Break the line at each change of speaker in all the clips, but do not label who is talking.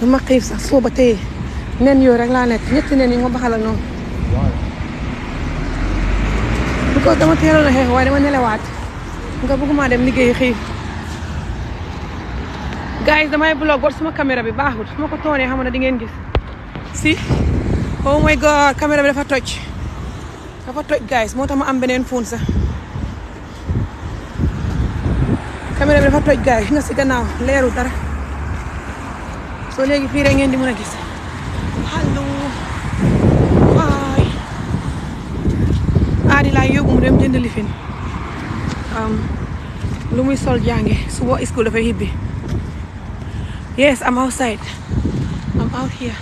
dama xiif sax soo ba tey nen yooyu rek laa nekk ñetti nen yi ma baxal ak noonu bu ko dama teeloon a xeex waaye dama nelewaat nga bëgguma dem liggéey xiif gars yi damay blog war suma caméra bi baaxul su ma xam na di ngeen si oh my bi dafa toj dafa toj guys moo tax ma am beneen fóon sax caméra bi dafa toj guys nga si gannaaw leeru dara ko léegi fii ngeen di mën a gis allo aadi laa yóbbu mu dem jënd lifin lu muy sol jànge suba school dafay hibbi yes I'm outside I'm out here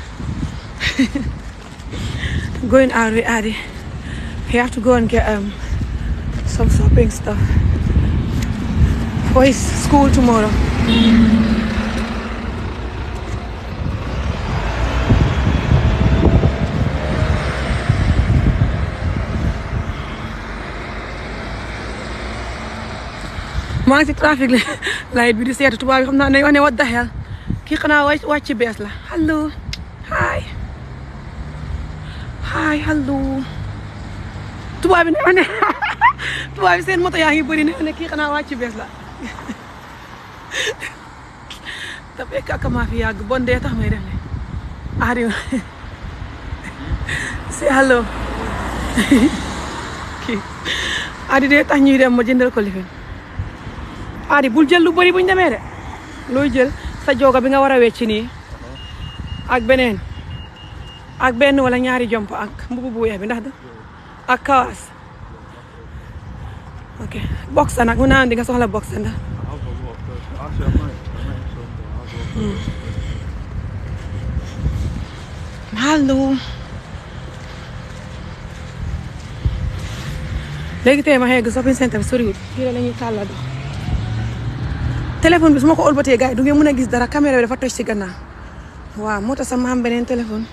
going out with Adi we have to go and um, some shopping stuff for his school tomorrow maa ngi si trafic light bi di seetu tubaab yi xam naa ne wax ne what kii xanaa wàcc bees la allo hi hi allo tubaab bi ne ma ne seen moto yaa ngi bëri ne kii xanaa wàcc bees la te fekk ak fi yàgg bon dee tax muy def ne adio si adi dee tax ñuy dem ma jëndal ko lifin aadi bul jël lu bëri buñ demee de looy jël sa jooga bi nga war a wecc nii ak beneen ak benn walla ñaari jomp ak mbubu bu weex bi ndax da ak kawaas ok nag mu naan di nga soxla boxa ndax hmm. allo léegi tey ma xëy gi shopping centre bi soriwul fii la ñuy dox téléphone bi su ma ko olbatee gars yi du ngeen mën a gis dara caméra bi dafa toj si gannaaw waaw moo tax sama am beneen téléphone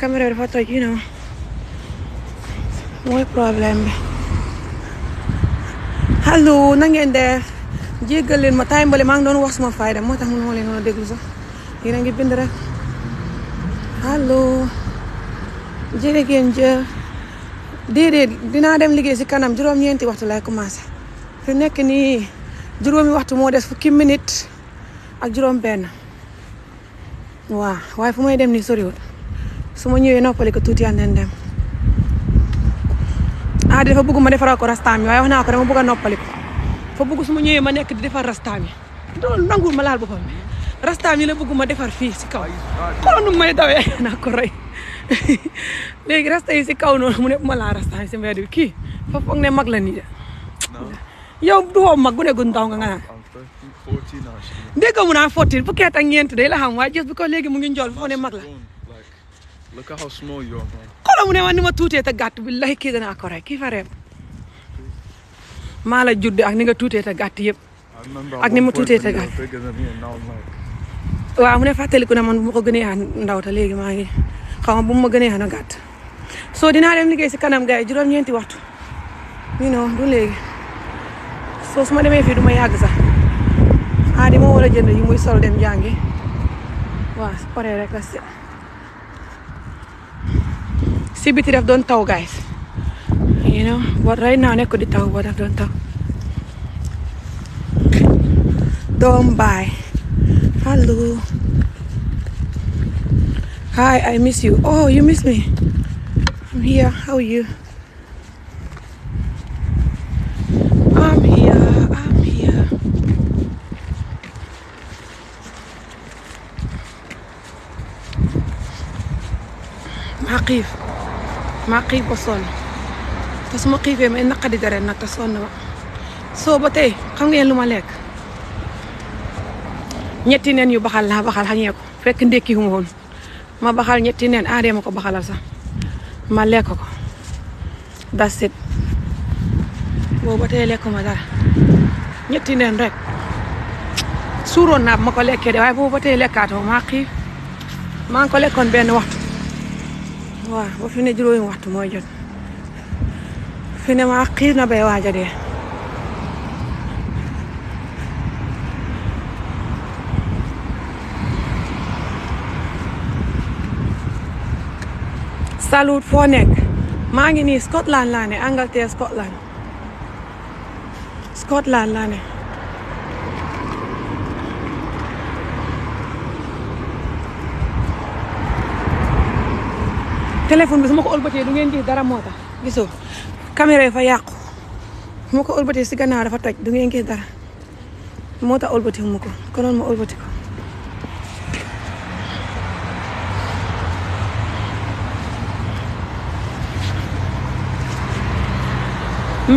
caméra bi dafa toj you know na ngeen def leen ma taay maa ngi doon wax suma fayda moo tax mënuma leen woon déglu sax yéen a bind rek allo jërë ngeen déedéet dinaa dem liggéey si kanam juróom-ñeenti waxtu lay commencé fi nekk nii. juróomi waxtu moo des fukki minute ak juróom benn waaw waaye fu may dem nii soriwul su ma ñëwee noppali ko tuuti yaa leen dem ah bëgg ma defaral ko rastaam yi waaye wax naa ko dama bëgg a noppali ko su ma ñëwee ma nekk di defar rastaam yi loolu ma laal boppam rastaam yi la ma defar fii si kaw xoolal nu may dawee naa ko rey léegi rasta si kaw noonu mu ne ma laal rastaam yi si mbedd bi kii fa foog ne mag la nii de. yow du woo mag gune gu ndaw nga nga naan. dégg nga mu naan fourteen ak ñeent day la xam waaye just because léegi mu ngi njool foo ne mag la. xoolal mu ne ma ni ma tuutee te gàtt bi lay kii danaa ko rey kii fa reem. maa la judd ak ni nga tuutee te gàtt yëpp. ak ni ma tuutee te gàtt. waaw mu ne fàttaliku na man bu ma gënee ndaw te léegi maa ngi xaw ma bu ma gënee xana gàtt. soo dinaa dem liggéey si kanam gars yi ñeenti waxtu. you du léegi. soo su ma demee fii du ma yàgg sax ah, war a jënd yi muy solo dem jàngi waaw su paree rek la si si biti daf doon taw guys you know but right now nekk di taw boo daf doon taw doom baay hello hi I miss you oh you miss me I'm here how are maa xiif maa xiif ba sonn te su ma xiifee may naqadi dara nag te sonn ba soo ba tey xam ngeen lu ma lekk ñetti neen yu baxal laa baxal xañee ko fekk ndékki wu ma woon baxal ñetti neen aadee ma ko baxalal sax ma lekk ko that's it booba tey ma dara ñetti neen rek suuroon naa ma ko lekkee de waaye booba tey lekkaatoo maa xiif maa ngi ko lekkoon benn waxtu waaw ba fi ne juróomi waxtu mooy jot fi ne maa xiir na bay waaj a dee salut foo nekk maa ngi nii Scotland laa ne Angleterre Scotland Scotland laa ne téléphone bi su ma ko ëlbatee du ngeen gis dara moo tax gisoo caméra yi fa yàqu su ma ko ëlbatee si gannaaw dafa toj du ngeen gis dara moo tax ëlbatiwu ko konoon ma ëlbati ko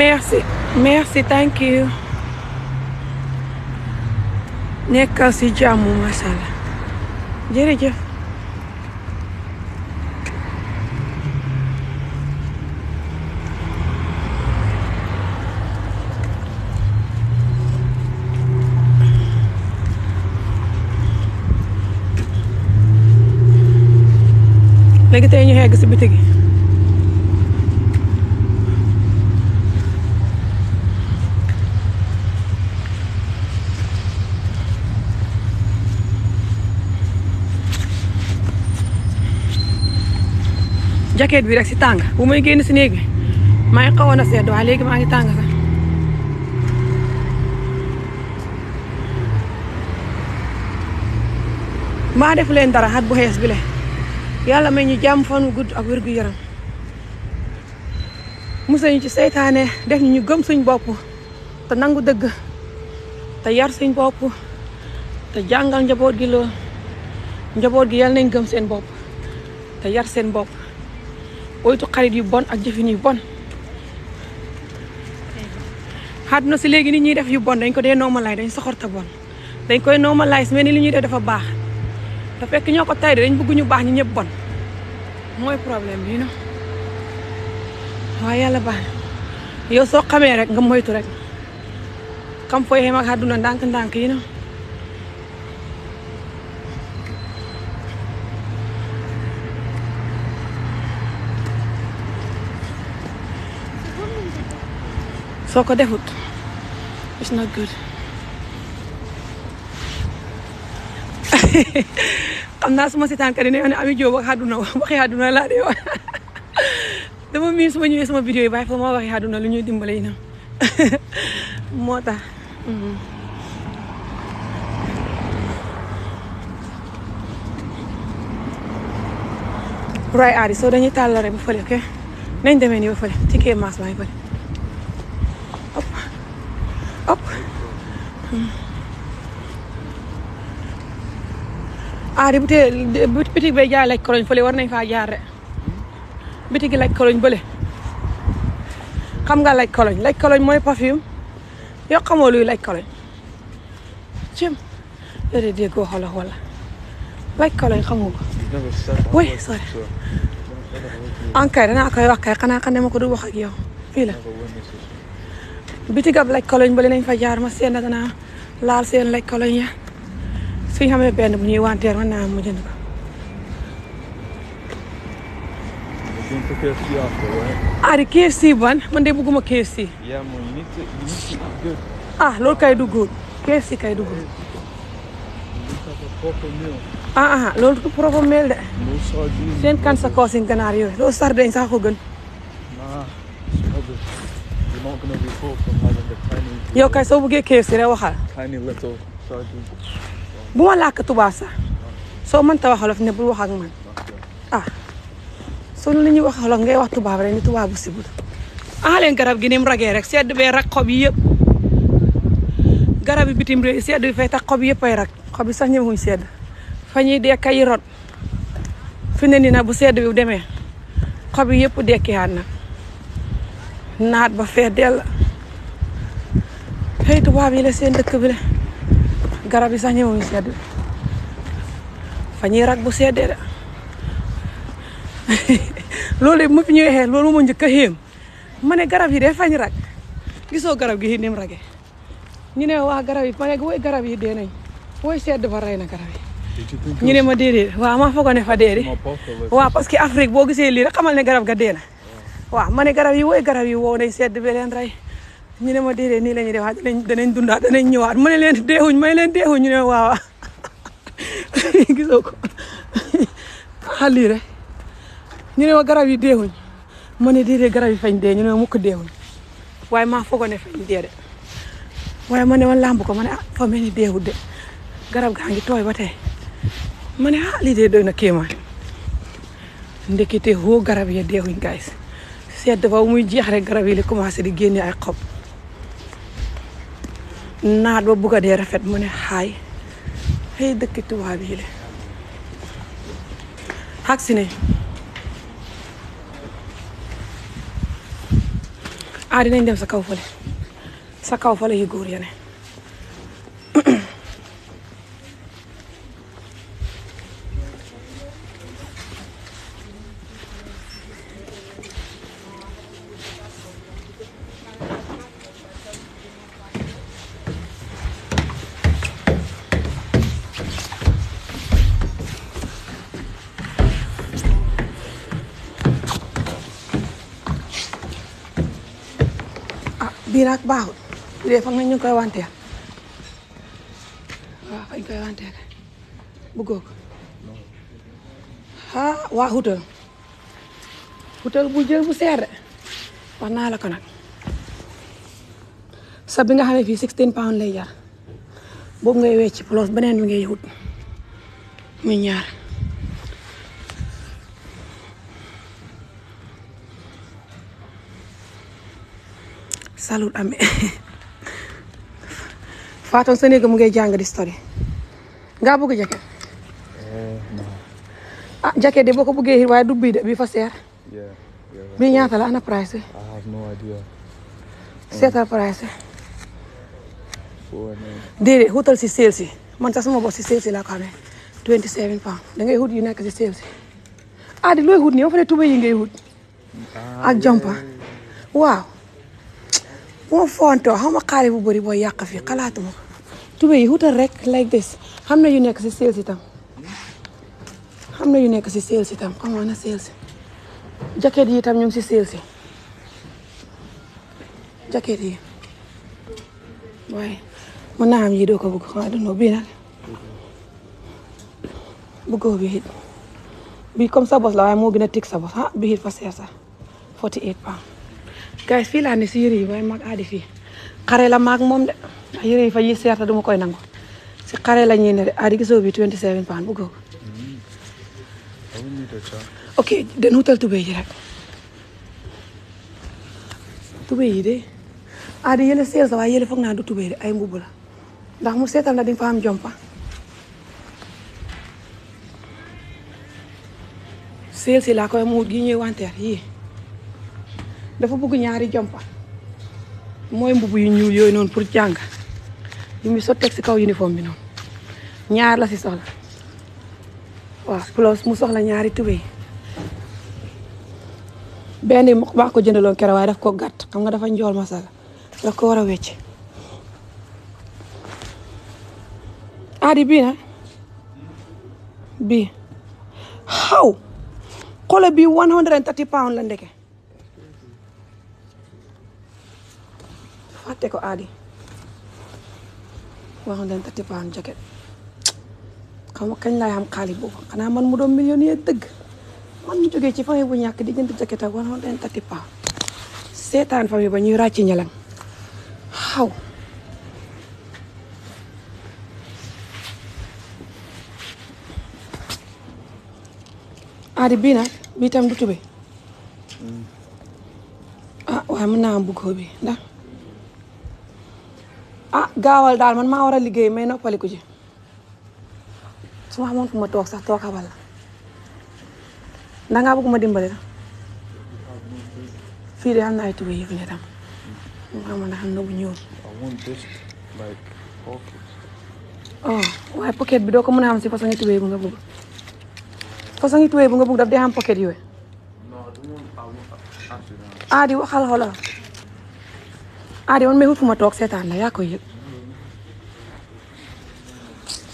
merci merci thank you nekkal si jàmm macha allah jërëjëf léegi tey ñu xegg si bitig jaket bi rek si tàng bu may génn si néeg bi maa ngi xawoon a sedd waaye léegi maa ngi tàng sax maa def leen dara xat bu xees bi le yàlla may ñu jàmm fan gudd ak wér gu yaram musa ñu ci seytaane def ñu gëm suñ bopp te nangu dëgg te yar suñ bopp te jàngal njaboot gi lool njaboot gi yàlla nañ gëm seen bopp te yar seen bopp oytu xarit yu bon ak jëfin yu bon xadduna si léegi nit ñuy def yu bon dañ ko dee normalize dañ soxorta bon dañ koy normalize mel ni li ñuy def dafa baax te fekk ñoo ko tay de dañ bëgg ñu baax ñu ñëpp bon mooy problème bi no yàlla baax yow soo xamee rek nga moytu rek xam fooy xem ak àdduna ndànk-ndànk yi soo ko defut it's not good xam naa su ma seetaan kat ne Ami Diop wax àdduna waxi àdduna laa de wax dama miin su ma ñëwee sama vidéo yi bàyyi fa ma waxi àdduna lu ñuy dimbale na moo tax roy aari soo dañuy tàllal rek ba fële ok nañ demee nii ba fële ci kee maas baa ngi fële hmm. ah di buti bitig bay jaay laaj koloñ fële war nañ faa jaar de bitigi laaj koloñ bële xam nga laaj koloñ laaj koloñ mooy parfume yoo xamoo luy laaj koloñ cim yow de déggoo xoolal wala laaj koloñ xamoo ko oui sorry ankay danaa xanaa xam ne ma ko du wax ak yow fii la bitigab laaj koloñ bële nañ fa jaar ma seen danaa laal seen laaj koloñ ya suñu xamee benn bu ñuy wanteer mën naa am mu jënd ko. aari KFC ban man de bëgguma KFC. ah loolu kay duggul KFC kay duggul. ah ah loolu du propre de. seen kan sa koosi ganaar yooyu loolu sardeñ sax ko gën. yow kay soo bëggee KFC rek waxal. bu ma làkk tubaab sax soo mënta wax wolof ne bul wax ak man ah soo li ñuy wax wolof ngay wax tubaab rek ni tubaab bu sibul ah leen garab gi ni mu ragee rek sedd bee rag xob yi yëpp garab yi bitim réew sedd bi fay tax xob yëpp ay rag xob yi sax ñëwuñ sedd fa ñuy dekka fi ne nii nag bu sedd demee xob yi yëpp dekkiwaat nag naat ba fee dell xëy tubaab yi la seen dëkk bi la garab yi sax ñëwuñu sedd fa rag bu seddee da loolu de mu fi ñuy loolu moo njëkk a xéem ma ne garab yi de fañ rag gisoo garab gi ni mu rage ñu ne waa garab yi ma ne woy garab yi dee nañ woy sedd fa rey na garab yi ñu ne ma déedéet waaw maa foog ne fa dee waa waaw parce que Afrique boo gisee li rek xamal ne garab ga dee na waaw ma ne garab yi woy garab yi wow nañ sedd bi rey ñu ne ma déedéet nii la ñuy def waaj danañ dundaat danañ ñëwaat ma ne leen deewuñ ma ne leen deewuñ ñu ne waaw gisoo ko xali ah, rek ñu ne ma garab yi deewuñ ma ne déedéet garab yi fañ dee ñu ne ma mukk deewuñ waaye maa foogoo ne fañ dee de waaye ma ne ma làmb ko ma ne ah fa mel ni deewut de garab gaa ngi tooy ba tey ma ne ah lii de doy na kéemaan ndekete hoo garab ya deewuñ guys sedd ba muy jeex rek garab yi li commencé di génne ay xob naat ba bugg a dee rafet mu ne xaay xëy dëkk tubaab yi la xag si ne ah dinañ dem sa kaw fële sa kaw fële yu góor ya biir nag baaxut dee foog nañ ñu koy wanteer waaw fañ koy wanteer bëggoo ko ah, waa xutal xutal bu jël bu seer de wax naa la ko nag sa bi nga xam ne fii sixteen pound lay jar boobu ngay wecc plus beneen bi ngay wut muy ñaar salul amee Faton sa néeg mu ngay jàng di story ngaa bëgg jaket eh, ah jaket de boo ko bëggee xiir waaye du de bii fa seer bii ñaata la ana price seetal price déedéet xuutal si seel si man sax sama bopp si seel si laa ko amee twenty seven pound dangay xut yu si seel si looy xut nii ba fa ne yi ngay xut ah, ak jompa waaw moo ma fontoo xaw ma xaalis bu bëri booy yàq fii xalaatuma ko tubéy yi wutal rek like this xam na yu nekk si sales itam xam na yu nekk si sales itam xamoo na sales jaket yi itam ñu ngi si sales yi jaket yi waaye mën yi doo ko bëgg xam aduna bii nag bëggoo bi it bi comme sa bos la waaye moo gën a tig sa bos ah bi it fa seer sax forty eight pounds guys fii laa si yëre yi waaye aadi fii xare la maag moom de yëre yi fa yi seerta duma koy nangu si xare la ñuy ne de aadi gisoo bi 27 pounds bu góob ok den wutal tubéy yi rek tubéy yi de aadi yële seer sa waaye yële foog naa du tubéy de ay mbubb la ndax mu seetal na di nga fa am jompa seel si laa koy mu wut gi ñuy wanteer yii dafa bëgg ñaari jompa mooy mbubu yu ñuul yooyu noonu pour jàng yu muy sotteeg si kaw uniforme bi noonu ñaar la si soxla waaw plus mu soxla ñaari tubéy benn yi baax ko jëndaloon keroog waaye daf ko gàtt xam nga dafa njool masala daf ko war a wecc aadi bii nag bii xaw xolo bii one la ndeke fàtte ko aadi waxoon nañu thirty pound jacket xam nga kañ laay xam xaalis boobu xanaa man mu doon millionnaire dëgg man mu jógee ci famille bu ñàkk di jënd jacket ak waxoon nañu thirty pound seetaan famille ba ñuy ràcc ñalang xaw aadi bii nag bii tam du tube mm. ah waaye mën naa am bu góob ah gaawal daal man maa war a liggéey may noppaliku ci su ma xamoon fu ma toog sax toog xabal la dangaa bëgg ma dimbali la fii de am na ay tubéy yu fi ne tam ma na xam na bu ñuul oh waaye pocket bi doo ko mën a am si façon tubéy bu nga bëgg façon tubéy bu nga bëgg daf dee am pocket yooyu ah waxal xoolal Adé man meewul fu ma toog seetaan la yaa ko yëg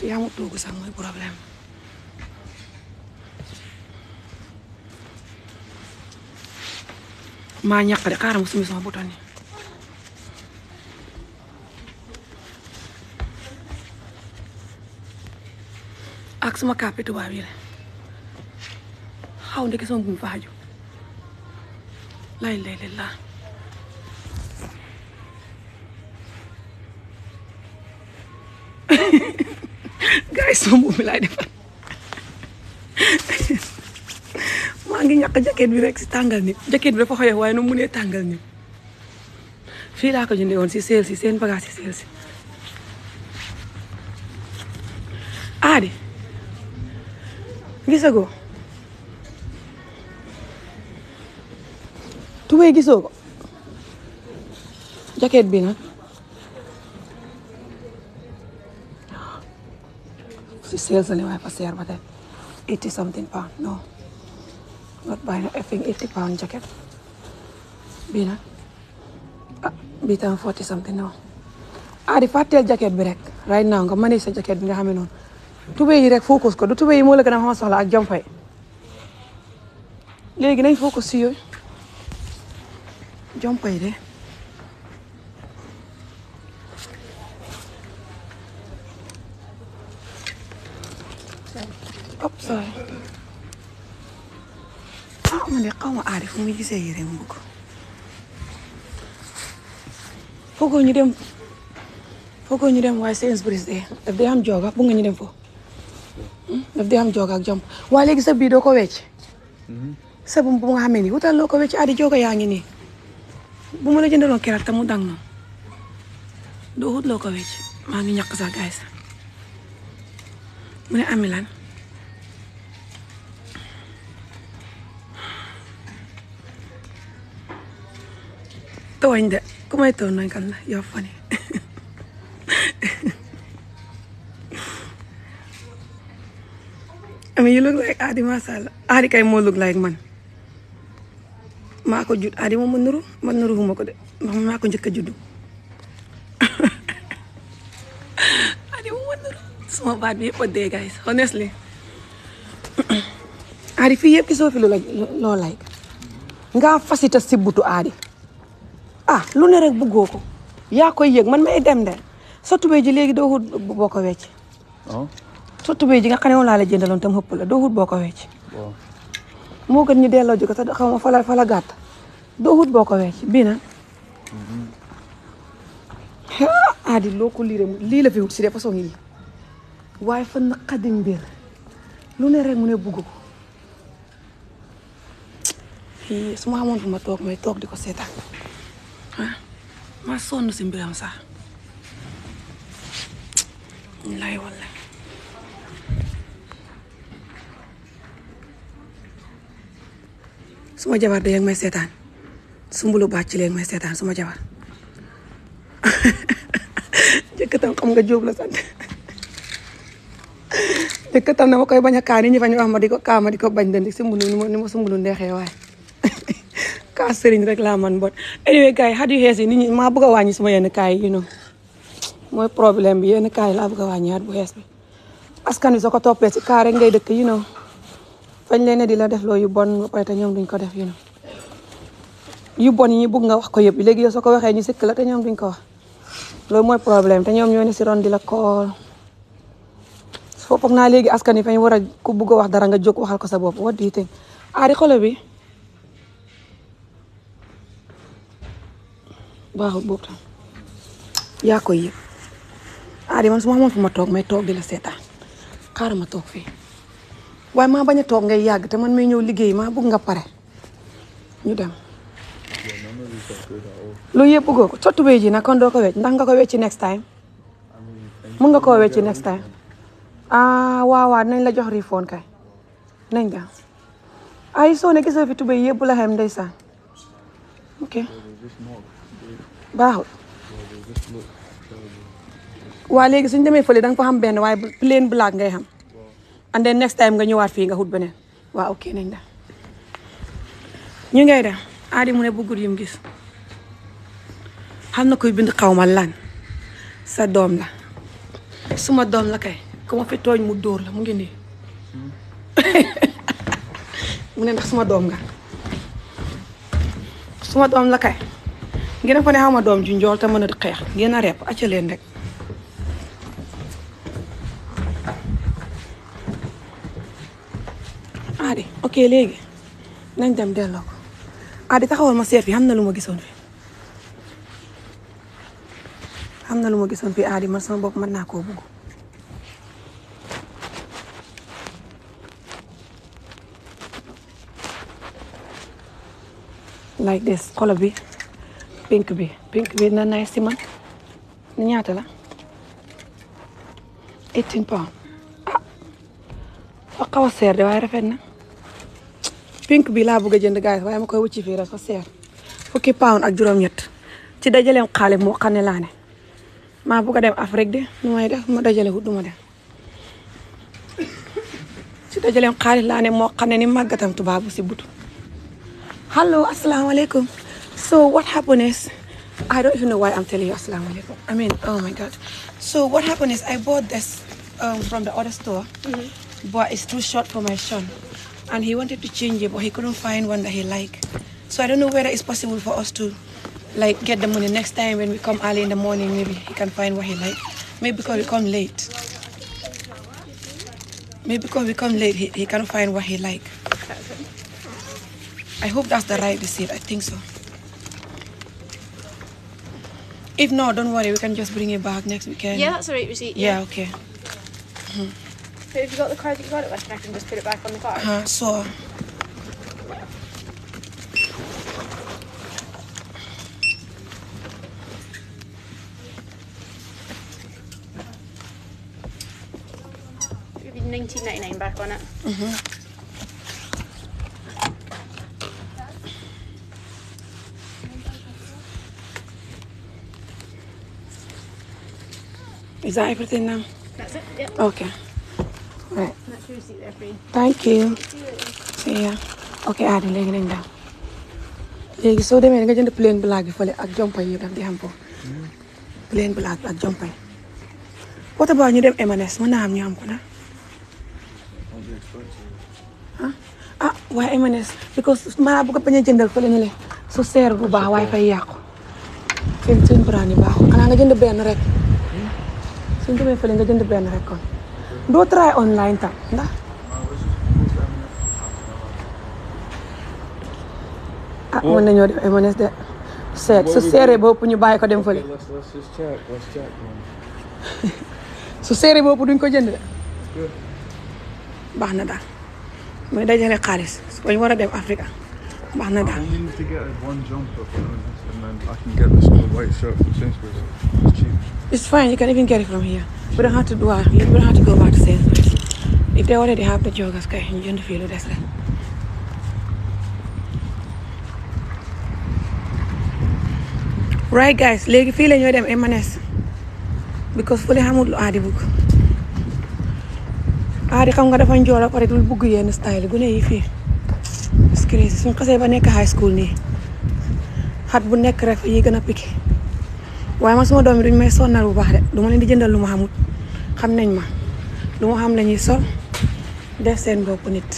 yaa ma toogu sax mooy problème maa ñàkk de sumi sama bouton ak suma kàppe tubaab yi la xaw ndeke sama bu faaju lay lay lay gars yi suma boobu laay defar maa ngi ñàkk jaket bi rek si tàngal ni jaket bi dafa xoyof waaye nu mu mënee tàngal ni fii laa ko jëndee woon si seel si seen bagage si seel si aadi gisagoo tubéy gisoo ko jaket bi nag 50 sales only I pass here, but uh, then 80 something pound. No, not buying a effing 80 pound jacket. Bina, ah, bita 40 something no. ah di fàtteel jacket bi rek right now nga manage sa jacket bi nga xam ne noonu tubéy yi rek focus ko du tubéy yi moo la gën a xam ak jom fay léegi nañ focus si yooyu jom de man de xaw ma aari fu muy gisee yére mu foogoo ñu dem foogoo ñu dem waaye Sainsbury's de daf dee am jooga bu nga ñu dem foofu hmm? daf dee am jooga ak jomp waaye léegi sa bii doo ko wecc mhm. sa bu nga xamee nii wutal loo ko wecc aadi jooga yaa ngi nii bu ma la jëndaloon keroog tam mu dang noonu doo wut loo ko wecc maa ngi ñàkk sax gaay mu ne ami tooñ de ku may tooñ nañ kan la yow fan I mean, you look like Adi Masala. kay moo look man maa ko judd Adi moom ma nuru man ko de ndax maa ko njëkk a juddu Adi moom ma nuru sama baat bi yëpp a dee honestly Adi fii yëpp gisoo fi lu la fasita sibutu Adi ah lu ne rek bëggoo ko yaa koy yëg man may dem de sa tubéy ji léegi doo wut boo ko wecc oh. sa tubéy ji nga xam ne moom laa la jëndaloon tam xëpp la doo wut boo ko wecc ñu delloo ko sax xaw ma gàtt doo wut boo ko bii nag mm-hmm. aadi loo ko lii lii la fi wut si de façon yi waaye fa naqadi mbir lu ne rek mu ne bugg ko su ma xamoon fu ma toog may toog di ko seetaan ah ma sonn si mbiram sax lay walla suma jabar de yaa may seetaan sumbulu bàcc leen may seetaan suma jabar jëkkatam xam nga jóob la sant jëkkatam na ma koy bañ a kaa ni ñu wax ma di ko kaa di ko bañ de ni sumbulu ni ma sumbulu ndeexee kaa sëriñ rek laa man bon anyway kaay xat yu xees yi nit ñi maa bëgg a wàññi suma yenn kaay you know mooy problème bi yenn kaay laa bëgg a wàññi xat bu xees bi askan wi soo ko toppee si ngay dëkk you know leen di la def loo yu bon ba ñoom duñ ko def you yu bon yi bëgg nga wax ko yëpp léegi yow ko waxee ñu sikk la te ñoom duñ ko wax loolu mooy problème te ñoom ñoo si ron di la kool foog naa léegi askan wi fañ war a ku bëgg a wax dara nga jóg waxal ko sa bopp what do you think aari xolo bi baaxul boobu tam yaa koy yëg aadi man su ma xamoon fu ma toog may toog di la seetaan xaaral ma toog fii waaye maa bañ a toog ngay yàgg te man may ñëw liggéey maa bëgg nga pare ñu dem. loolu yëpp bëggoo ko sottu ji nag kon doo ko wecc ndax nga ko wecci next time mun nga koo wecci next time ah waaw waaw nañ la jox refund kay nañ nga ay soo ne gisoo fi tubéy yëpp la xam ndeysaan ok. baaxul waa léegi suñ demee fële da nga fa xam benn waaye plain black ngay xam and then next time nga ñëwaat fii nga xut beneen waaw ok nañ da ñu ngay da aadi mu ne yi mu gis xam na koy bind xaw ma lan sa doom la suma doom la kay mu dóor la mu ngi nii suma doom nga suma doom la kay ngeen ko ne xama doom ju njool te mën a xeex ngeen a repp acca leen rek aadi ok léegi nañ dem delloo ko aadi taxawal ma seet fi xam na lu ma gisoon fii xam na lu ma gisoon fii aadi man sama bopp mën naa koo bugg like this xolo bi pink bi pink bi na nay si man ñaata la eighteen pound ah seer de waaye rafet na pink bi laa bëgg a jënd gaay waaye ma koy wucci fii rek seer fukki pound ak juróom-ñett ci dajaleem xaalis mu xam ne laa ne dem Afrique de nu may def ma dajale wut du ma dem ci dajaleem xaalis laa ne moo xam ne ni màggatam tubaabu si So what happened is, I don't even know why I'm telling you Assalamu I mean, oh my God. So what happened I bought this um, from the other store, mm too short for my son. And he wanted to change it, but he couldn't find one that he liked. So I don't know whether it's possible for us to get the money next time when we come early in the morning, maybe come late. he, he find what he likes. I hope that's the right receipt. I think so. If not, don't worry. We can just bring it back next weekend. Yeah, that's all right, receipt. Yeah, yeah okay. Mm -hmm. So if you got the card that you got it with, I can just put it back on the card. Uh -huh, so. Nineteen ninety nine back on it. Mm -hmm. Is that everything now? That's it. Yep. Okay. Thank you. See ok aadi léegi nañ daal soo demee nga jënd plain black bi fële ak jompay yi daf di am foofu plain black bi ak jompay woto ba ñu dem M&S mën naa am ñu am ko na ah waaye M&S because maa bëgg a bañ a jëndal fële ñu ne su seer bu baax waaye fay yàqu seen seen brand yi baaxul xanaa nga jënd benn rek suñ demee fële nga jënd benn rek kon doo try online tam ndax
ah oh. mën nañoo def ay
mënees de seet su seeree ba ëpp ñu bàyyi ko dem fële su seeree ba ëpp duñ ko jënd de baax na daal muy dajale xaalis su ko ñu war a dem afrika baax na daal and I can It's fine. You can even get it from here. We don't have to do our, we don't to go back to Sainsbury's. If they already have the joggers, kay, ñu jënd fii lu des rek. right guys léegi fii la ñoo dem Emanès because fële xamul lu aadi bugg aadi xam nga dafa njool a pare dul bugg yenn style gune yi fii it's crazy ba nekk high school nii xat bu nekk rek yi gën a piqué waaye man suma doom yi duñ may sonnal bu baax de du ma leen di jëndal lu ma xamut xam nañ ma lu ma xam la ñuy sol def seen bopp nit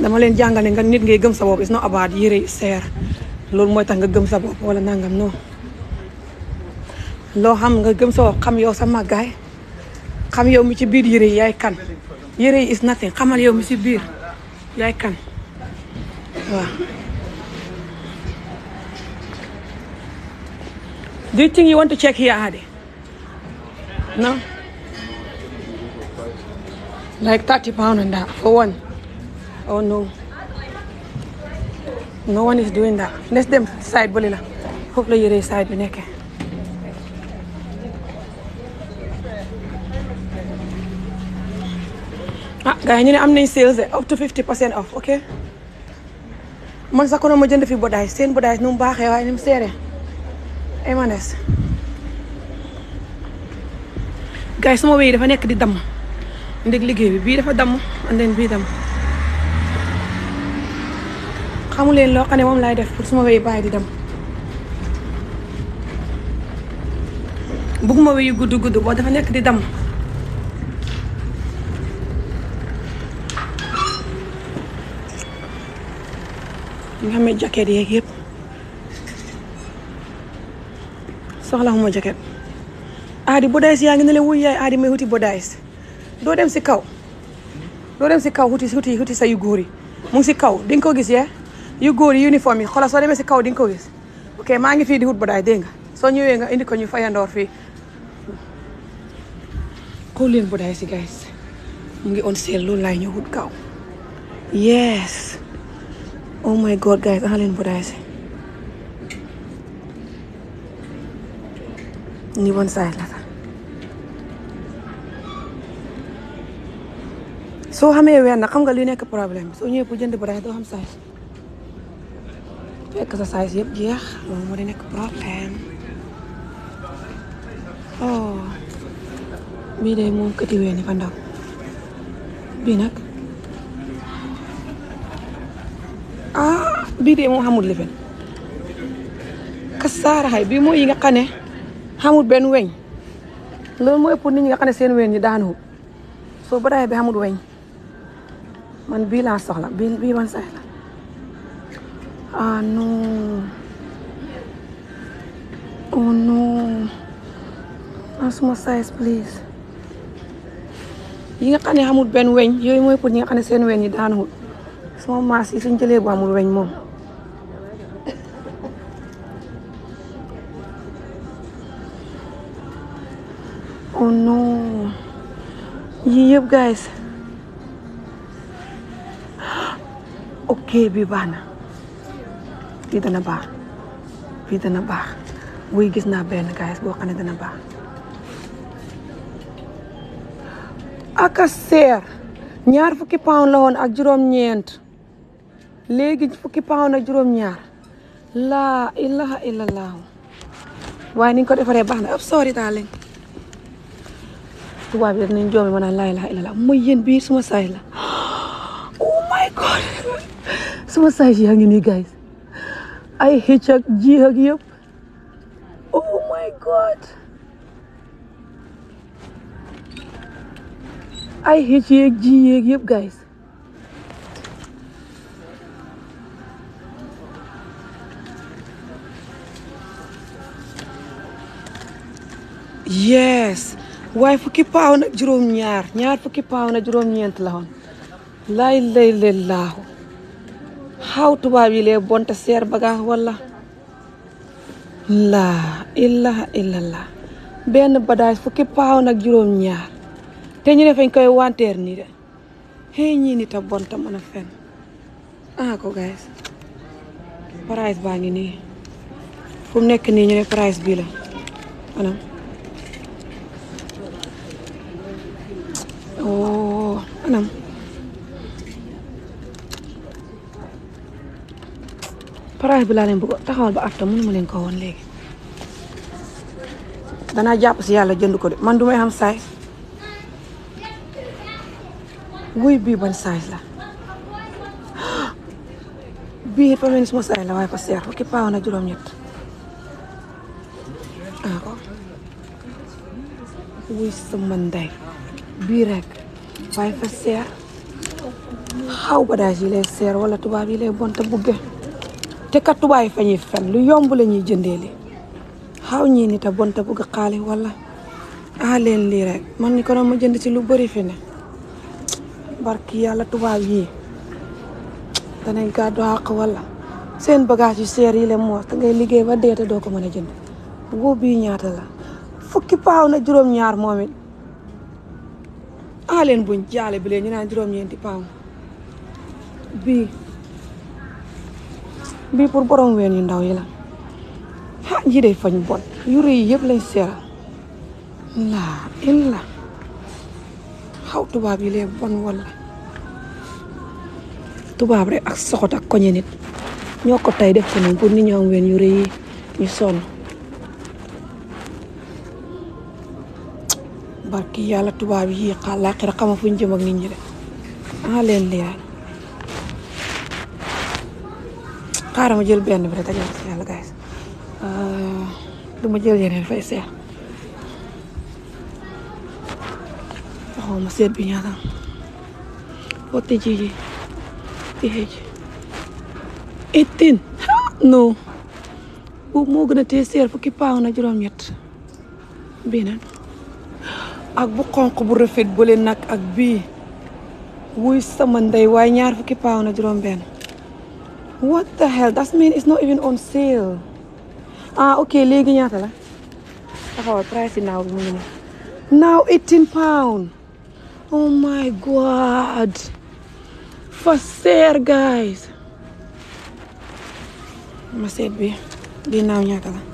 dama leen jàngale nga nit ngay gëm sa bopp is no abaat yére seer loolu mooy tax nga gëm sa bopp wala nangam non loo xam nga gëm sa bopp xam yow sa màggaay xam yow mi ci biir yére yi yaay kan yére yi is nothing xamal yow mi ci biir yaay kan waaw Do you think you want to check here, Hadi? No? Like 30 pounds and that for one. Oh no. No one is doing that. Let's them side bolila. Hopefully you raise side bineke. Ah, gars yi ñu ne am nañ sales eh, up to 50% off, ok? Man sax konoon ma jënd fi bodaay seen bodaay nu mu baaxee waaye ni seere ay manees gars yi dafa nekk di damm ndeg liggéey bi bii dafa damm andeen bii damm xamuleen loo xam ne moom laay def pour suma wéy bàyyi di dem bugguma wéyu gudd gudd boo dafa nekk di dem nga xam ne jaket yeeg yëpp soxlawuma jaket aadi bodays yaa ngi ne la wuy yaay aadi may wuti bodays doo dem si kaw doo dem si kaw wuti wuti wuti sa yu góor yi mu si kaw di ko gis yee yu góor yi uniforme yi xoolal soo demee si kaw di ko gis ok maa ngi fii di wut bodaay dégg nga soo ñëwee nga indi ko ñu fayandoor fii xool leen bodaay si guys mu ngi on sale loolu laay ñëw wut kaw yes oh my god guys ana leen bodaay si นี่บนสายละค่ะ soo xamee ween na xam nga li nekk problème soo ñëwee bu jënd baraay doo xam saay fekk sa saay yëpp jeex loolu di nekk problème oh bii de moom këti ween yi fa ndaw bii nag ah bii de moom xamul li fen kasaara bii mooy yi nga xam xamul benn weñ loolu mooy pour ni ñi nga xam ne seen weñ ñi daanuwul soo bataay bi xamul weñ man bii laa soxla bii bii man sax la ah non oh ah, suma size please yi nga xam ne xamul benn weñ yooyu mooy pour ñi nga xam ne seen weñ ñi daanuwul suma maas yi suñ jëlee bu amul weñ moom oh non yii yëpp guys ok bi baax na fii dana baax fii dana baax wuy gis naa benn guys boo xam ne dana baax aka seer ñaar fukki pound la woon ak juróom-ñeent léegi fukki pound ak juróom-ñaar laa ilaha illallah waaye ni ko defaree baax na ab oh, soori daal tubaab yi dinañ joomi ma naan laa ilaaha illallaah mooy yéen bii suma saay la oh my god suma saay yaa ngi nii guys ay xëcc ak ji oh my god ay xëcc yeeg ji yeeg yëpp waaye fukki paaw nag juróom-ñaar ñaar fukki paaw nag juróom-ñeent la woon laay lay leen laahu xaw tubaab yi lee bonte seer bagage walla laa ilaha illallah benn badaaj fukki paaw nag juróom-ñaar te ñu ne fañ koy wanteer nii de xëy ñii nit a bonta mën a fen ah, price baa ngi ni fu nekk ni ñu ne price bi Oo, oh, anam. parage bi laa leen bëgg taxawal ba afta mënu leen ko woon léegi danaa jàpp si yàlla jënd ko de man du may xam saay wuy bii ban saay la bii fa mel ni suma saay la waaye fa seer fukki paaw na juróom-ñett ah, oh. wuy sama bii rek waaye fa seer xaw bagage yi lay seer wala tubaab yi lay bonta bugge te kat tubaab yi fa ñuy fen lu yomb la ñuy jëndee li xaw ñii ni te bonta bugg xaali wala a leen lii rek man ni ko noon ma jënd ci lu bari fi ne barki yàlla tubaab yi danañ gàddu àq wala seen bagage yu seer yi la moos te ngay liggéey ba dee doo ko mën a jënd góob bii ñaata la fukki paaw na juróom-ñaar moom aleen buñ jaale bi leen ñu naan juróom-ñeenti pound bii bii pour borom ween yu ndaw yi la ah ji day fañ bon yu rëy yëpp lañ seeral laa illa xaw tubaab yi lee bon walla tubaab rek ak soxot ak koñe ñoo ko tay def ko noonu pour nit ñoo am ween yu yi ñu sonn barki yàlla tubaab yi laaxira xama fuñ jëm ak nit ñi de a ah, leen liyaal xaaral ma jël benn bi rek dajal si yàlla guys euh, du ma jël yeneen fay seer taxaw ma seet bi ñaatam fotte ji ji téye ji eighteen ah, non boobu moo gën seer fukki paaw na juróom-ñett bii nag ak bu xonq bu rafet bële nag ak bii wuy sama ndey waaye ñaar fukki pound na juróom benn what the hell that mean it's not even on sale ah, ok léegi ñaata la taxawal price yi naaw bi mu ngi naaw eighteen pound oh my god for sale guys ma seet bi di naaw ñaata la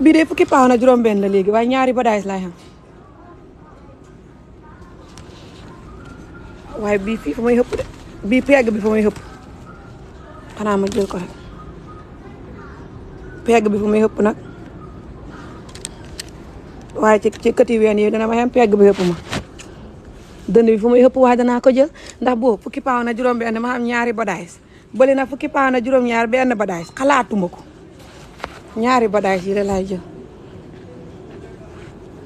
bii de fukki paaw na juróom-benn la léegi waaye ñaari badaay laay xam waaye bii fii fa may xëpp de bii pegg bi fa may xëpp xanaa ma jël ko rek pegg bi fa may xëpp nag waaye ci ci kati ween yi dana ma xam pegg bi xëpp ma dënd bi fa may xëpp waaye danaa ko ndax boo fukki paaw na juróom-benn ma xam ñaari badaay bële na fukki paaw na juróom-ñaar benn badaay xalaatuma ko. ñaari badaay yi da laay jël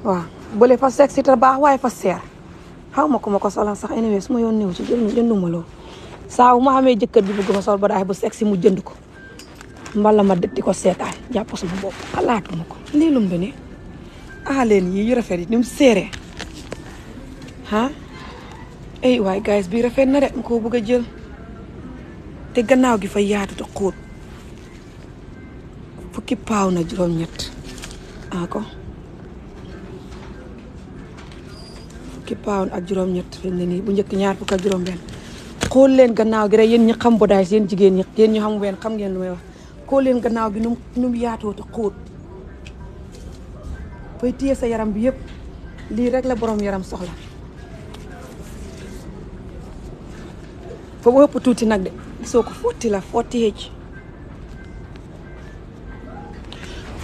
waaw bële fa seeg si te waaye fa seer xaw ma ko ma ko solal sax anyway su ma yoon néew si jënd jëndu ma loolu saa ma xamee jëkkër bi bëgg ma sol badaay bu seeg si mu jëndu ko mbala ma dëtti ko seetaay jàpp sama bopp xalaatuma ko lii lum bi ne ah leen yii yu rafet yi ni mu seeree ah ay waay guys bi rafet na de ma koo bëgg a jël te gannaaw gi fa yaatu te xóot fukki paaw na juróom-ñett ako fukki paaw ak juróom-ñett bu njëkk ñaar fukk ak juróom-benn xool leen gannaaw gi rek yéen ñi xam bodaay seen jigéen ñi yéen ñu xam ween xam ngeen lu may wax xool leen gannaaw gi num nu mu yaatoo te xóot fay téye sa yaram bi yépp lii rek la borom yaram soxla foofu ëpp tuuti nag de soo ko fotti la fotti ci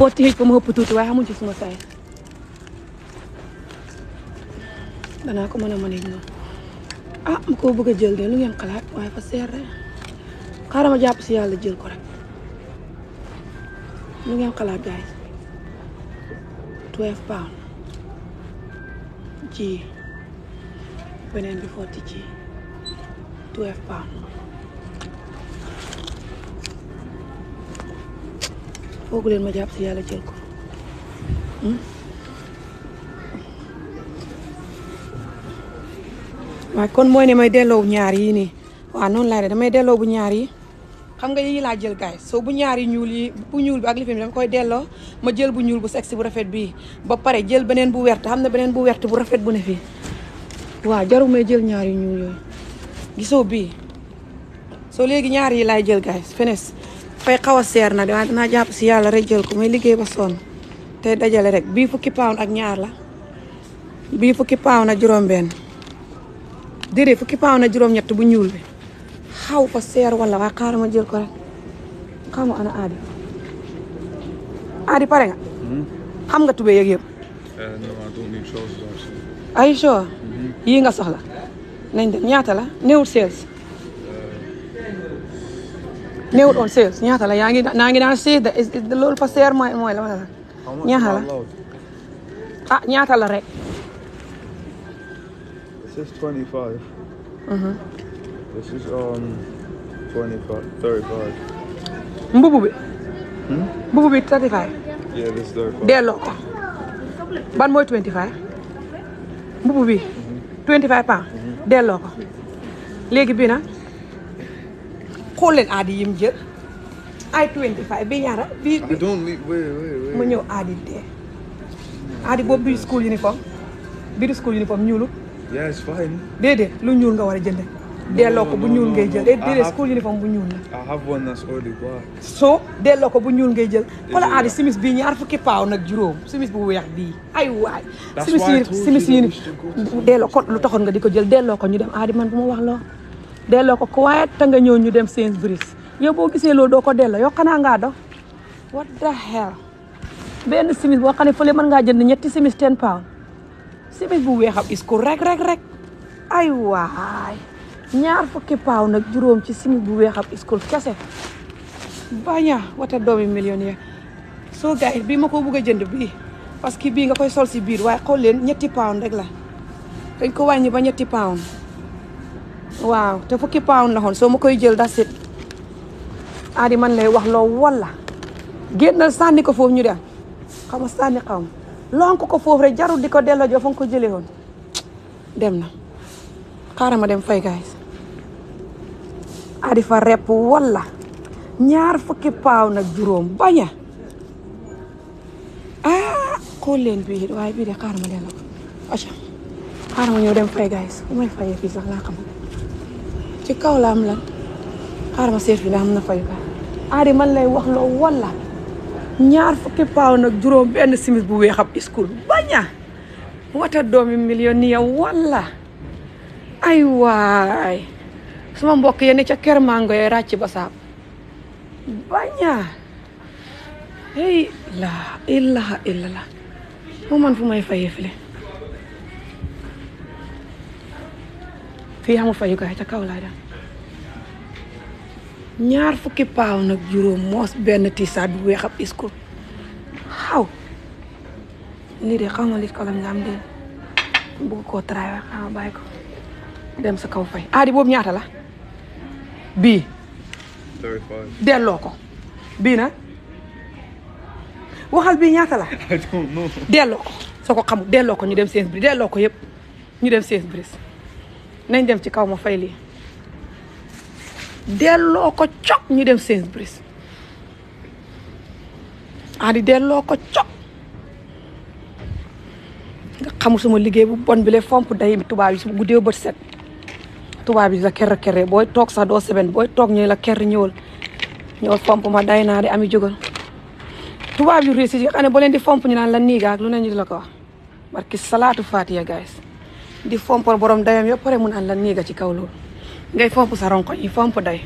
potti xëj ko ma ëpp tuuti waaye xamuñ ci suma saay danaa ko mën a mën noonu ah mu ko bëgg a jël de lu ngeen xalaat waaye fa seer rek xaaral ma jàpp si yàlla jël ko rek lu ngeen xalaat gaay twelve pound ji beneen bi forty ji twelve pound foogu leen ma jàpp si yàlla jël ko hmm? waaw kon mooy ne may delloo ñaar yi nii waaw noonu laa damay delloo bu ñaar yi xam nga laa jël gaay bu ñaar ñuul yi bu ñuul bi ak koy delloo ma jël bu ñuul bu sexy bu rafet bii ba pare jël beneen bu wert xam na beneen bu wert bu rafet bu ne fii waaw jaru may jël ñaar yu ñuul yooyu gisoo bii soo léegi ñaar laay jël gaay fenes fay xaw a seer nag waaye dinaa jàpp si yàlla rek jël ko may liggéey ba sonn te dajale rek bii fukki pound ak ñaar la bii fukki pound ak juróom-benn déré fukki pound ak juróom-ñett bu ñuul bi xaw fa seer wala waaye xaaral ma jël ko rek xaw ma ana aadi aadi pare nga. Hmm? xam nga tubéy yeeg yëpp. Eh, ay sure. Hmm. yii nga soxla. nañ dem ñaata la néewul sales. néewul on sales ñaata la yaa ngi naa ngi naan six de loolu fa seer mooy mooy la ñaata la ah ñaata la rek. six twenty five. Uh-huh. this is um mbubu bi. Hmm? mbubu bi thirty five. yeah this ban mooy twenty five. mbubu bi. Mm-hmm. twenty five pounds. Mm-hmm. delloo ko léegi bii xool leen aadi yim jël ay 25 bi ñaara bi bi ma ñëw aadi dee aadi boobu bi school uniform bi school uniform ñuulu yes fine lu ñuul nga war a jënd
delloo ko bu ñuul ngay jël déedéet school
uniform bu ñuul la I have one ko bu ñuul ngay jël wala aadi simis bi ñaar fukki paaw nag juróom simis bu weex bii ay waay simis simis yi delloo ko lu taxoon nga di ko jël delloo ko ñu dem aadi man bu ma wax loo delloo ko quiet te nga ñëw ñu dem Sainsbury's yow boo gisee loo doo ko delloo yow xanaa ngaa dox what the hell simis boo xam ne fële mën ngaa jënd ñetti simis ten pound simis bu weexam is ko rek rek rek ay waay ñaar fukki pound nag juróom ci simis bu weexam iskul kese baña wata doomi millionnaire soo gaay bii ma ko bëgg a jënd bii parce que bii nga koy sol si biir waaye xool leen ñetti pound rek la dañ ko wàññi ba ñetti pound waaw te fukki pound la soo ma koy jël dasit aadi man lay wax loo walla génnal sànni ko foofu ñu dem xam nga sànni xaw ma lonk ko foofu rek jarul di ko delloo joo fa nga ko jëlee woon dem na xaaral ma dem fay guys aadi fa repp walla ñaar fukki paaw nag juróom baña ah xool leen bii waaye bii de xaaral delloo ko acca xaaral dem fay guys bu may fayee fii sax laa xam ci kaw la am lan xaaral ma seet bi ndax am na fay kaay aari man lay wax loo walla ñaar fukki paaw nag juróom benn simis bu weex ab iskul wata doomi millionnaire walla ay waay sama mbokk yene ca kër yee ràcc ba saab baña hey laa ilaha illallah mu man fu may fayee file fii xamu fayukaay ci kaw laa dem ñaar fukki paaw nag juróom moos benn tiisaat bu weex ab iskul xaw lii de xaw ma li ko lam nga am de bëgg koo travail xaw bàyyi ko dem sa kaw fay aadi boobu ñaata la bii delloo ko bii nag waxal bii ñaata la delloo ko soo ko xamul delloo ko ñu dem Sainsbury's delloo ko yépp ñu dem Sainsbury's nañ dem ci kaw ma fay lii delloo ko cog ñu dem Saint-Brice Adi delloo ko cog nga xamul suma liggéey bu bon bi la fomp day tubaab yi su guddee bët set tubaab yi la kër kër booy toog sa doo seben booy toog ñooy la ker ñëwal ñëwal fomp ma day naa de ami jógal tubaab yu réussi yi nga xam ne boo di fomp ñu naan la niiga ak lu ne ñu di la ko wax barki salaatu fatiya guys di fompal borom dayam yo pare mun an la niiga ci kaw loolu ngay fomp sa ronko yi fomp day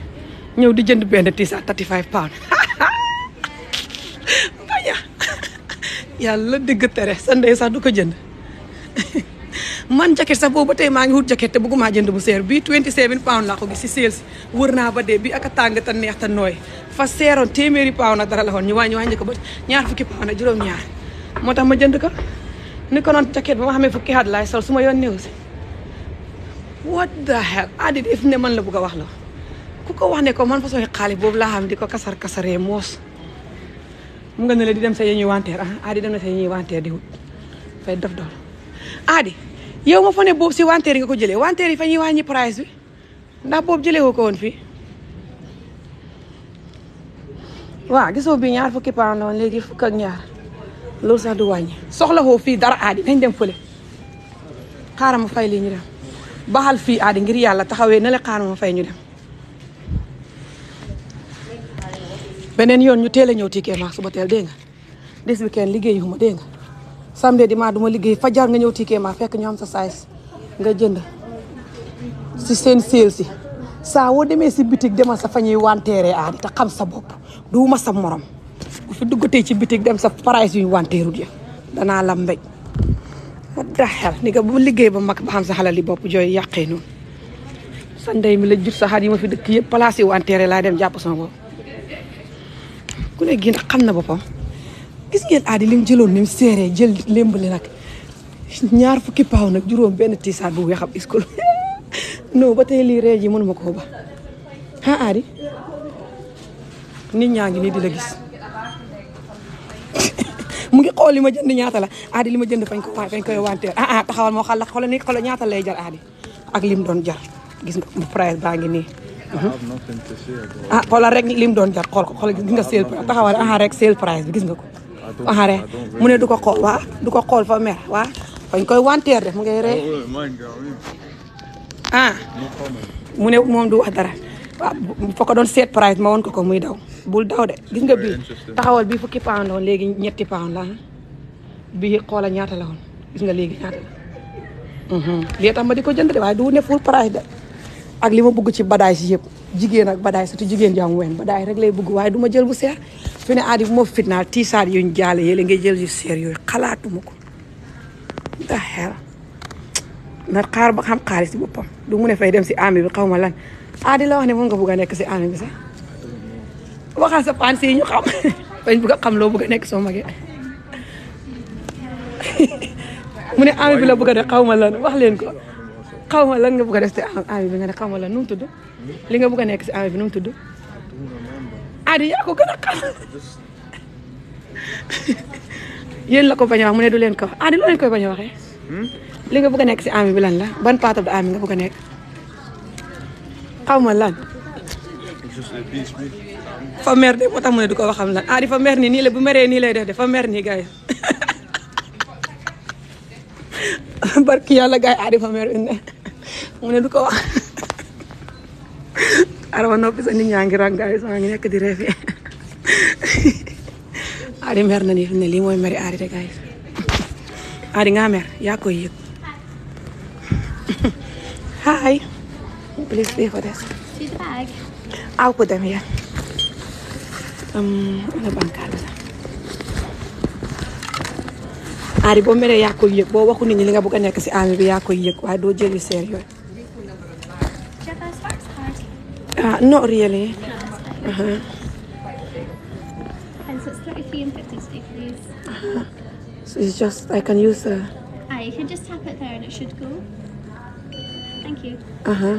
ñëw di jënd benn tiis à 35 pounds baña yàlla dëgg tere sa ndey sax du ko jënd man jaket sax boobu ba tey maa ngi wut jaket te bëggumaa jënd bu seer bii 27 pounds laa ko gis si sales wër naa ba dee bi ak a tàng te neex te nooy fa seeroon téeméeri pounds nag dara la woon ñu wàññi wàññi ko ba ñaar fukki pounds nag juróom-ñaar moo tax ma jënd ko ni ko noon jaket ba ma xamee fukki at laay sol suma ma yoon what the hell Adi ah, def ne man la bëgg a wax la ku ko wax ne ko man façon xaalis boobu laa xam di ko kasar kasaree moos mu nga ne la di dem sa yee ñuy wanteer ah Adi ah, dem na sa yee ñuy wanteer di wut fay def dool Adi ah, yow ma fa ne boobu si wanteer yi nga ko jëlee wanteer yi fa ñuy wàññi price bi ndax boobu jëlee woo ko woon fii waaw gisoo bii ñaar fukki pound la fukk ak ñaar loolu sax du wàññi soxla woo fii dara Adi nañ dem fële xaaral ma fay lii ñu dem baxal fii aadi ngir yàlla taxawee na la xaar ma fay ñu dem beneen yoon ñu teel a ñëw tiikee maa suba teel dégg nga this weekend liggéeyuma dégg nga samedi dimanche du ma liggéey fajar nga ñëw tiikee ma fekk ñu am sa size nga jënd si seen seel si saa woo demee si bitig demal sa fa ñuy wanteeree aadi te xam sa bopp duuma sa morom ku fi duggatee ci bitig dem sa price yuñ wanteeru ya danaa la mbéj what the ni nga bu liggéey ba mag ba xam sa bopp jooy yàqee noonu sa ndey mi la jur sa xaat yi ma fi dëkk yëpp place yi wanteere laa dem jàpp sama bopp ku ne gén xam na boppam gis ngeen aadi lim jëloon ni mu seeree jël lémb li nag ñaar fukki paaw nag juróom benn tiisaat bu weex ab iskul non ba tey lii ree ji mënuma koo ba ah aadi nit ñaa ngi nii di la gis mu ngi xool li ma jënd ñaata la aadi li ma jënd fañ ko fañ koy wanteer ah ah taxawal moo xal la xoolal ni xoolal ñaata lay jar aadi ak lim doon jar gis nga price baa ngi nii mhm. ah xoolal rek lim doon jar xool ko xool gis nga sale price taxawal rek sale price gis nga ko ah mu ne du ko xool waa du ko xool fa mer waa fañ koy wanteer def mu ngay ree oh, ah mu ne moom du wax dara waaw fa ko doon seet price ma woon ko ko muy daw bul daw de gis nga bii taxawal bii fukki pound la woon léegi ñetti pound la bii xoola ñaata la woon gis nga léegi ñaata la mhm. lii tax ma di ko jënd de waaye du ne full price de ak li ma bëgg ci badaay si yëpp jigéen ak badaay surtout jigéen jaamu ween badaay rek lay bëgg waaye du ma jël bu seer fi ne aadi bu ma fitnaal tiisaat yuñ jaale yéen ngay jël yu seer yooyu xalaatuma ko da xeer na xaar ba xam xaalis si boppam du mu ne fay dem si ami bi xaw ma lan ah di la wax ne moom nga bëgg a nekk si àll bi sax waxal sa fans yi ñu xam bañ bëgg a xam loo bëgg a nekk soo magee mu ne àll bi la bëgg def xaw ma lan wax leen ko xaw lan nga bëgg a def si àll bi nga ne xaw ma lan mu tudd li nga bëgg a nekk si àll bi nu mu tudd ah di yaa ko a xam yéen mu ne du leen ko wax ah di loo hmm? li nga bëgg a nekk si àll bi lan la ban part de àll bi nga bëgg a nekk. xaw ma lan. fa mer de moo tax mu ne du ko waxam lan ah fa mer nii nii la bu meree nii lay def de fa mer nii gars barki yàlla gars yi ah fa mer ne mu ne du ko wax. noppi sa nit ñaa ngi rang gars yi sama ngi nekk di reefi aadi mer na nii fi ne lii mooy aadi de gars aadi nga mer yaa koy yëg haay Please be ko des. Ci drag. I'll put them here. Um, ano bang kalula? Ari boo meree yaa koy yëg boo waxu nit ñi li nga bëgg a nekk si àll bi yaa koy yëg waaye doo jël yu seer yooyu. ah not really. Uh-huh. And so it's 33 and 52, please. Uh-huh. So it's just, I can use the... Ah, you can just tap it there and it should go. Thank you. Uh-huh.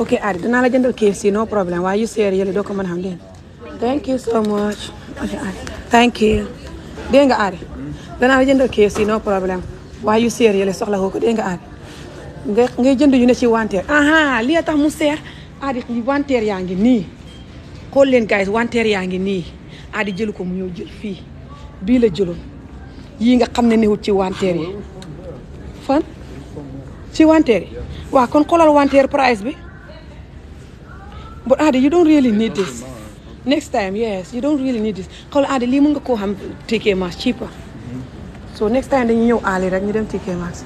ok Adi dinaa la jëndal KFC no problème waaye yu seer yële doo ko mën a xam dégg danaa la jëndal KFC no problème waayu yu seer yële soxla ko ko dégg nga ngay jënd yu ne ci wanteer aha li tax mu seer Adi wanteer yaa ngi nii xool leen guys wanteer yaa ngi nii Adi jël ko mu ñëw jël fii bii la jëloon yii nga xam ne newut ci wanteer yi fan ci wanteer yi waaw kon wanteer price bi bu Adi, you don't really need this. Next time, yes, you don't really need this. Call Adi, lii mun nga koo xam TK Maxx cheaper. so next time dañu ñëw early rek ñu dem TK Maxx.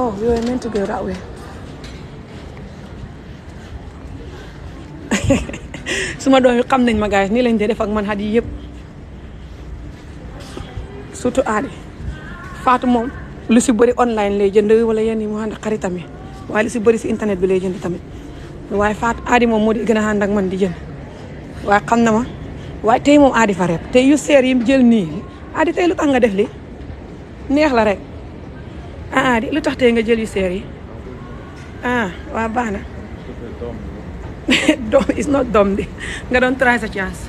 oh we were meant doom yi xam nañ ma guys lañ dee def ak man xat yi yëpp surtout Adi Fatou moom lu si bëri online lay jënd wala yenn yi mu ànd xaritam yi waaye lu si bëri si internet bi lay jënd tamit. waaye faat aadi moom moo di gën a ànd ak man di jël waaye xam na ma waaye tey moom aadi fa rek te yu seer yim jël nii aadi tey lu tax nga def li neex la rek ah aadi lu tax tey nga jël yu seer yi ah waa baax na doom is not doom di nga doon try sa chance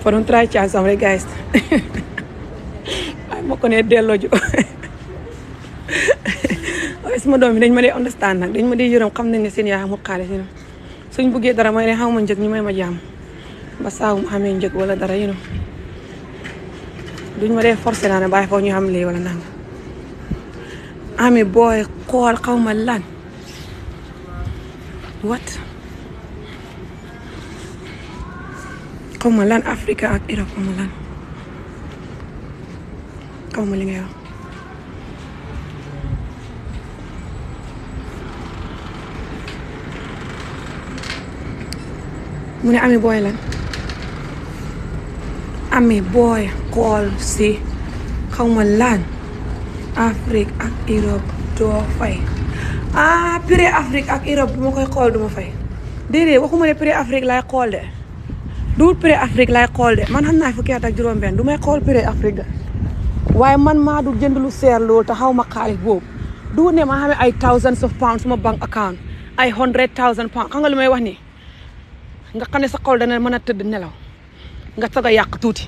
for doon ma ko nee delloo ju waaye sama doom bi dañ ma dee understand nag dañ ma dee yërëm xam nañ ne seen yaay amul xaalis yi suñ buggee dara may ne xaw ma njëg ñu may ma jaam ba saabu amee njëg wala dara yi duñ ma dee forcé naa ne bàyyi foofu ñu am lii wala nanga ami booy xool xaw ma lan wat xaw ma lan Afrique ak Europe xaw lan xaw ma li ngay mu ne ami booy lan ami booy xool si xaw ma lan Afrique ak Europe doo fay ah Afrique ak Europe bu ma koy xool du ma fay déedéet waxuma ne prix Afrique laay xool de duut prix Afrique laay xool de man xam naa fukki at ak juróom-benn du may xool prix Afrique de. waaye man maa du jënd lu seer loolu te xaw ma xaalis boobu du ne ma xamee ay thousands of pounds suma bank account ay hundred thousand pounds xam nga lu may wax nii nga xam ne sa xol dana mën a tëdd nelaw nga tag a yàq tuuti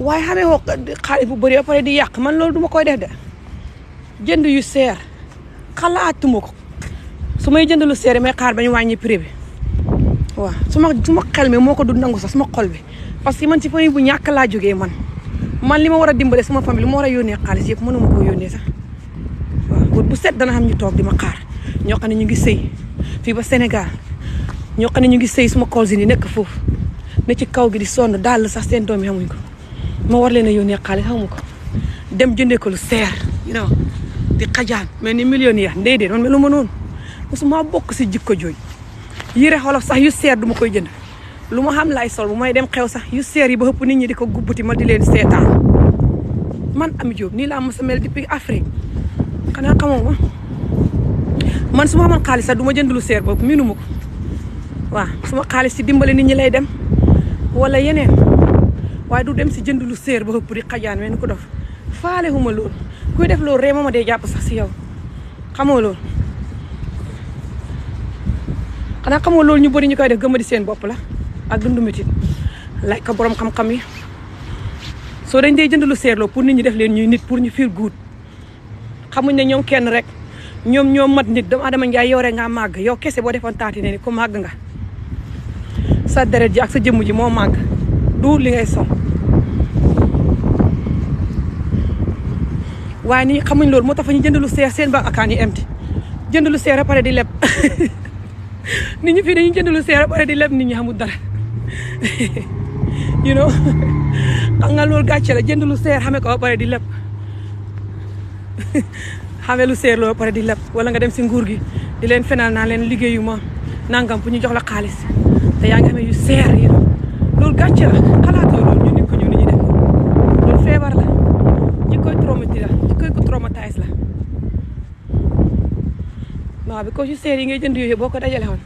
waaye xamee woo xaalis bu bëri ba di yàq man loolu duma koy def de jënd yu seer xalaatuma ko su may jënd lu seer may xaar bañ wàññi prix bi waaw su ma su ma xel mi moo ko du nangu sax suma xol bi parce que man si famille bu ñàkk laa jógee man man li ma war a dimbale sama famille li ma war a yónnee xaalis yëpp ma koo yónnee sax waaw bu set dana xam ñu toog di ma xaar ñoo xam ne ñu ngi sëy fii ba Sénégal ñoo xam ne ñu ngi sëy suma cousine yi nekk foofu ne ci kaw gi di sonn daal sax seen doom yi xamuñ ko ma war leen a yónnee xaalis xamu ko dem jëndee ko lu seer you know di xajaan mais ni millionnaire ndey dee noonu melu ma noonu mosuma bokk si jikko jooy yére xolof sax yu seer du ma koy jënd lu ma xam lay sol bu may dem xew sax yu seer yi ba ëpp nit ñi di ko gubbuti ma di leen seetaan man Ami Diop nii laa mos a depuis Afrique xanaa xamoo ma man su ma amoon du ma jënd lu seer boobu miinu ma ko su ma si dimbale nit ñi lay dem wala yeneen waaye du dem si jënd lu seer ba di xajaan wenn ko dof faale huma loolu kuy def loolu ree ma ma dee jàpp sax si yow xamoo loolu xanaa xamoo loolu ñu bëri ñu koy def gëma di seen bopp la ak dundu métit laaj ko borom xam-xam yi soo dañ dee jënd lu seerloo pour nit ñi def leen ñuy nit pour ñu fiir good xamuñ ne ñoom kenn rek ñoom ñoom mat nit doomu adama njaay yow rek ngaa màgg yow kese boo defoon taati ne ni ku màgg nga sa deret ji ak sa jëmm ji moo màgg du li ngay son waaye ni xamuñ loolu moo tax fa ñu jënd lu seer seen banque account yi empty jënd lu seer a pare di leb nit ñi fii dañuy jënd lu seer a pare di leb nit ñi xamul dara you know xam nga loolu gàcce la jënd lu seer xame ko ba pare di leb xame lu seer loo ba di leb wala nga dem si nguur gi di leen fenal naa leen liggéeyu ma nangam bu ñu jox la xaalis te yaa ngi amee yu seer yi loolu gàcce la xalaatoo loolu ñu nit ko ñu ni ñu loolu feebar la ji traumatise la ji bi ko yu seer yi ngay jënd yooyu boo ko dajale woon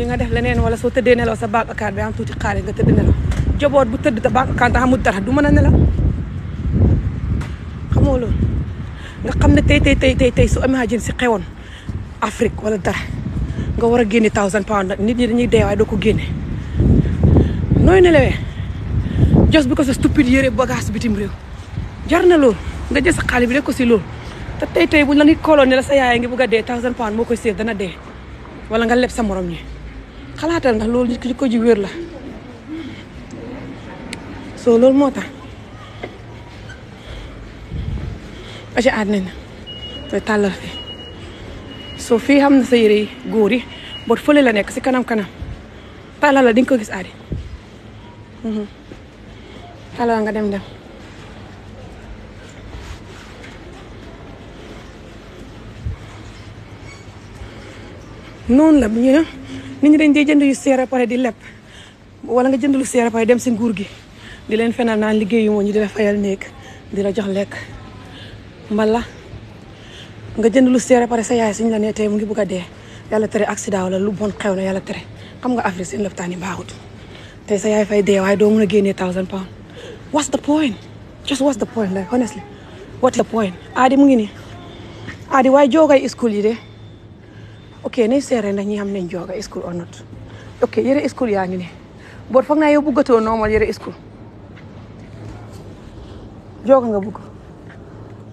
di nga def leneen wala soo tëddee nelaw sa banque carte bi am tuuti xaalis nga tëdd nelaw joboot bu tëdd te banque carte amul dara du mën a nelaw xamoo loolu xam ne tey tey tey tey tey su emergency xewoon Afrique wala dara nga war a génne thousand pound nit ñi dañuy dee ko génne nooy nelawee jos ko sa stupide yére bagage bitim réew jar na loolu nga jël sa xaalis bi rek ko si loolu te tey tey buñ la nit kooloo ne la sa yaay ngi bugg dee thousand pound moo koy séef dana dee wala nga leb sa moroom ñi xalaatal ndax loolu nit ko ji wér la soo loolu moo tax parce que àddina na te fi soo fii xam na sa yére yi góor yi bot fële la nekk si kanam-kanam tàllal la di ko gis aadi mhm. tàllal la nga dem dem noonu la bu ñu nit ñi dañ dee jënd yu seere a pare di leb wala nga jënd lu seer a pare dem si nguur gi di leen fenal naan liggéeyu moo ñu di la fayal néeg di la jox lekk mbala nga jënd lu seer a pare sa yaay suñ la nee tey mu ngi bugg a dee yàlla tere accident wala lu bon xew na yàlla tere xam nga Afrique seen lopitaan yi baaxut tey sa yaay fay dee waaye doo mun a génnee thousand pound what's the point just what's the point like honestly what's the point aadi mu ngi nii aadi waaye joogay school ok nañ seere na ñi xam nañ jooga school or not ok yëre school yaa ngi ne boot foog naa yow bëggatoo normal yëre school jooga nga bugg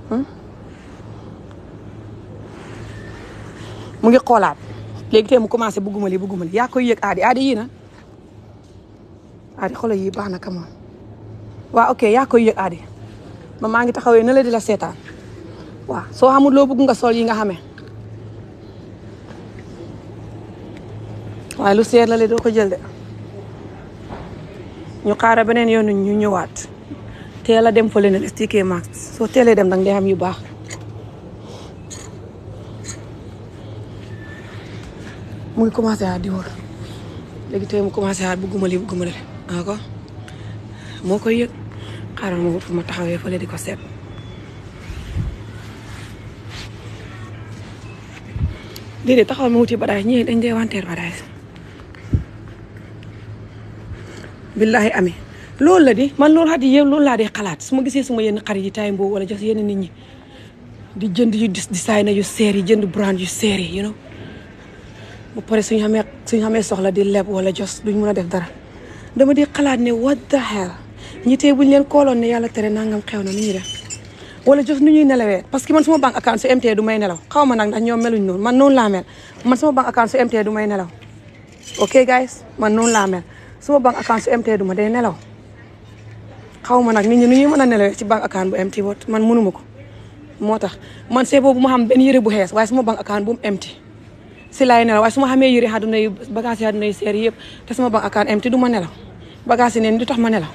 hmm? mu ngi xoolaat léegi tey mu commencé bëgguma li bëgguma li yaa koy yëg aadi aadi yii na aadi xolo yi baax na kamoon waa ok yaa koy yëg aadi ma maa ngi taxawee na la di la seetaan waaw soo xamul loo bëgg nga sool yi nga xamee waaye lu seer la le doo ko jël de ñu xaara beneen yoon ñu ñëwaat teel a dem fële ne STK Max soo teelee dem nag day am yu baax mu ngi commencé aat di wër léegi tey mu commencé aat bugguma lii bugguma lii d'accord ah, moo koy yëg xaaral ma wut fu ma taxawee fële di ko seet déedéet taxaw ma wuti badaay ñii dañ dee wanteer badaay billahi amee loolu la di man loolu xadi yow loolu laa ma gisee suma yenn xarit yi taay boobu wala jox yenn nit ñi di jënd yu dis na yu seer yi jënd brand yu seer yi you know ba pare suñu xamee suñu soxla di leb wala jos ñu mën a def dara dama di xalaat ne what the hell ñi tey buñ leen kooloon ne yàlla tere nangam xew na nu ñuy def wala jos nu ñuy nelawee parce que man suma bank account su MTN du may nelaw xaw ma nag ndax ñoom meluñ noonu man noonu laa mel man suma du may nelaw suma bank account su MT duma day nelaw xaw ma nag nit ñi nu ñuy mën a nelawee ci bank account bu MT bot man mënuma ko moo tax man see boobu ma xam benn yëre bu xees waaye suma bank akaan bu MT si laay nelaw waaye su ma xamee yëre àdduna yu bagage yi àdduna seer yëpp te suma bank account MT du ma nelaw bagage yi neen di tax ma nelaw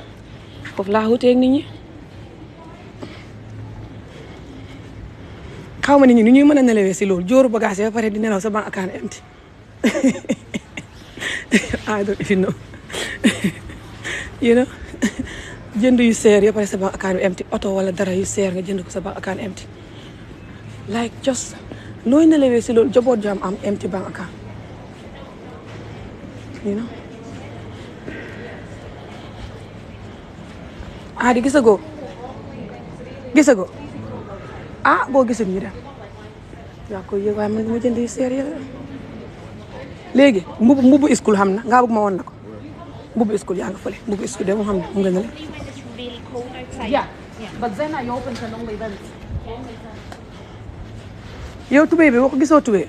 foofu laa xuteeg ñi xaw ma nit ñi nu ñuy mën a nelawee si loolu jóoru bagage yi ba pare di nelaw sa bank account MT you know jënd yu seer ya pare sa bank account bi empty oto wala dara yu seer nga jënd ko sa bank account empty like just nooy nelawee si loolu jaboot ju am am empty bank account you ah, boo gisul ñu dem yaa koy yëg waaye man ma jënd yu seer ya léegi mbubu mbubu iskul xam na nga bëgg ma woon ko Mbubu school yaa nga fële Mbubu school de Mouhamed mu nga ne la. yow tubéy bi wax gisoo tubéy.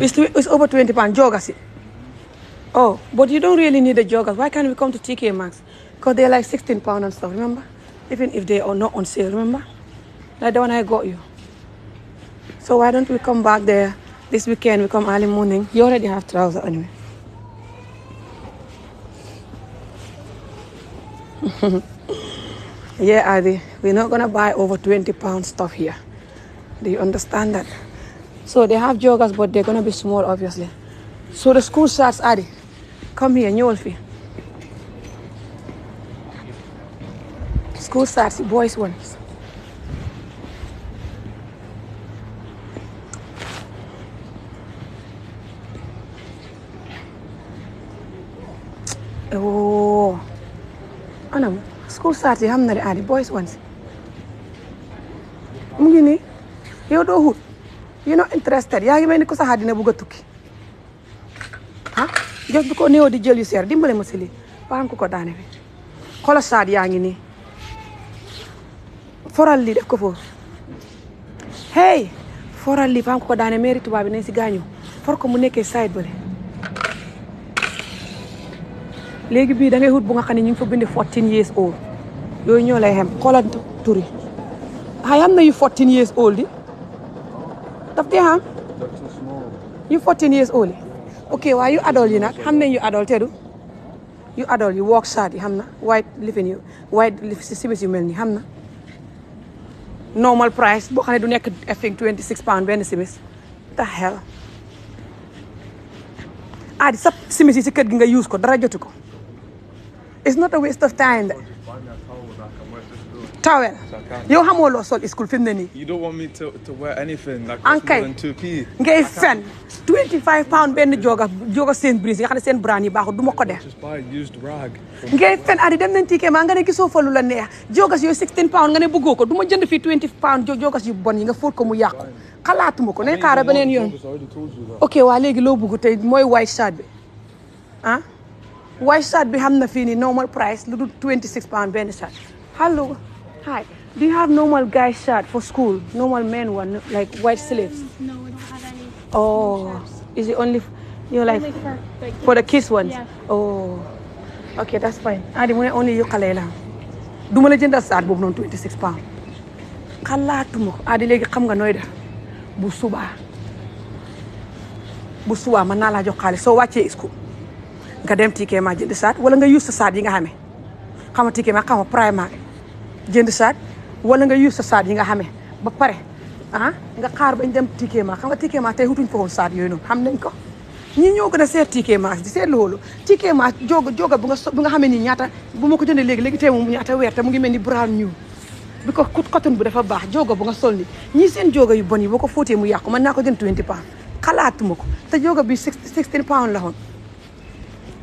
it's, it's over 20 pounds, joggers. Oh, but you don't really need the joggers. Why can't we come to TK Maxx? Because they're like 16 pounds and stuff, remember? Even if they are not on sale, remember? Like the one I got you. So why don't we come back there this weekend? We come early morning. You already have trousers anyway. yeah, Adi, we're not gonna buy over 20 pound stuff here. Do you understand that? So they have joggers, but they're gonna be small, obviously. So the school starts, Adi. Come here, Nyolfi. School starts, boys' ones. school saat yi xam na ne aadi boys one si mu ngi nii yow doo hut you know interested yaa ngi mel ni ko sax dina bugg a tukki ah just bi ko néew di jël yu seer dimbale ma si lii ba ko ko daane bi xoolal saat yaa ngi nii foral lii def ko foofu hey foral lii ba ko ko daane mairie tubaab bi nañ si gaañu for ko mu nekkee side bële léegi bii da ngay wut bu nga xam ne ñu ngi fa bind 14 years old yooyu ñoo lay xem xoolal turi I am now 14 years old daf dee xam you 14 years old ok waaye yu adult yi nag xam nañ yu adult te du yu adult yu work sad yi xam na white lifin yu white si sibis yu mel nii xam na normal price boo xam ne du nekk I think 26 pound benn simis ta xel ah di sa simis yi si kër gi nga use ko dara jotu ko it's not a waste of time de towel yow xamoo loo sol school fi mu ne nii. you don't want me to fen. pound benn joga joga seen brise nga xam ne seen brand yi baax du ma ko def. ngay fen Adi dem nañ tiike maa nga ne gisoo fa lu la neex jogas yooyu 16 pound nga ne bëggoo ko du ma jënd fii 20 pound jogas yu bon yi nga fóot ko mu yàqu. xalaatuma ko ne kaara beneen yoon. ok waa léegi loo bëgg tey mooy white shirt bi ah. white shirt bi xam na fii nii normal price lu dul 26 pound benn shirt allo. Hi. Do you have normal guy shirt for school? Normal men one, like white sleeves? No, we don't have any. Oh, is it only, you're like, for, the kids. ones? Oh, okay, that's fine. I only you la. du la jëndal saat boobu noonu 26 pounds xalaatuma léegi xam nga nooy def bu subaa bu subaa mën naa laa jox xaalis soo wàccee isku nga dem tiikee maa jënd saat wala nga use sa saat yi nga xamee xam nga tiikee maa xam nga jënd saak wala nga use sa saat yi nga xamee ba pare ah nga xaar bañ dem Tikema xam nga Tikema tey hutuñ fa woon saat yooyu noonu xam nañ ko ñi ñoo gën a seet di seet loolu Tikema joga joga bu nga bu nga xamee ni ñaata bu ma ko jëndee léegi tey moom ñaata weer te mu ngi mel ni brand new bi ko coton bu dafa baax joga bu nga sol ni ñii seen joga yu bon yi boo ko fóotee mu yàqu ma naa ko jënd 20 pounds xalaatuma ko te joga bi 16 pounds la woon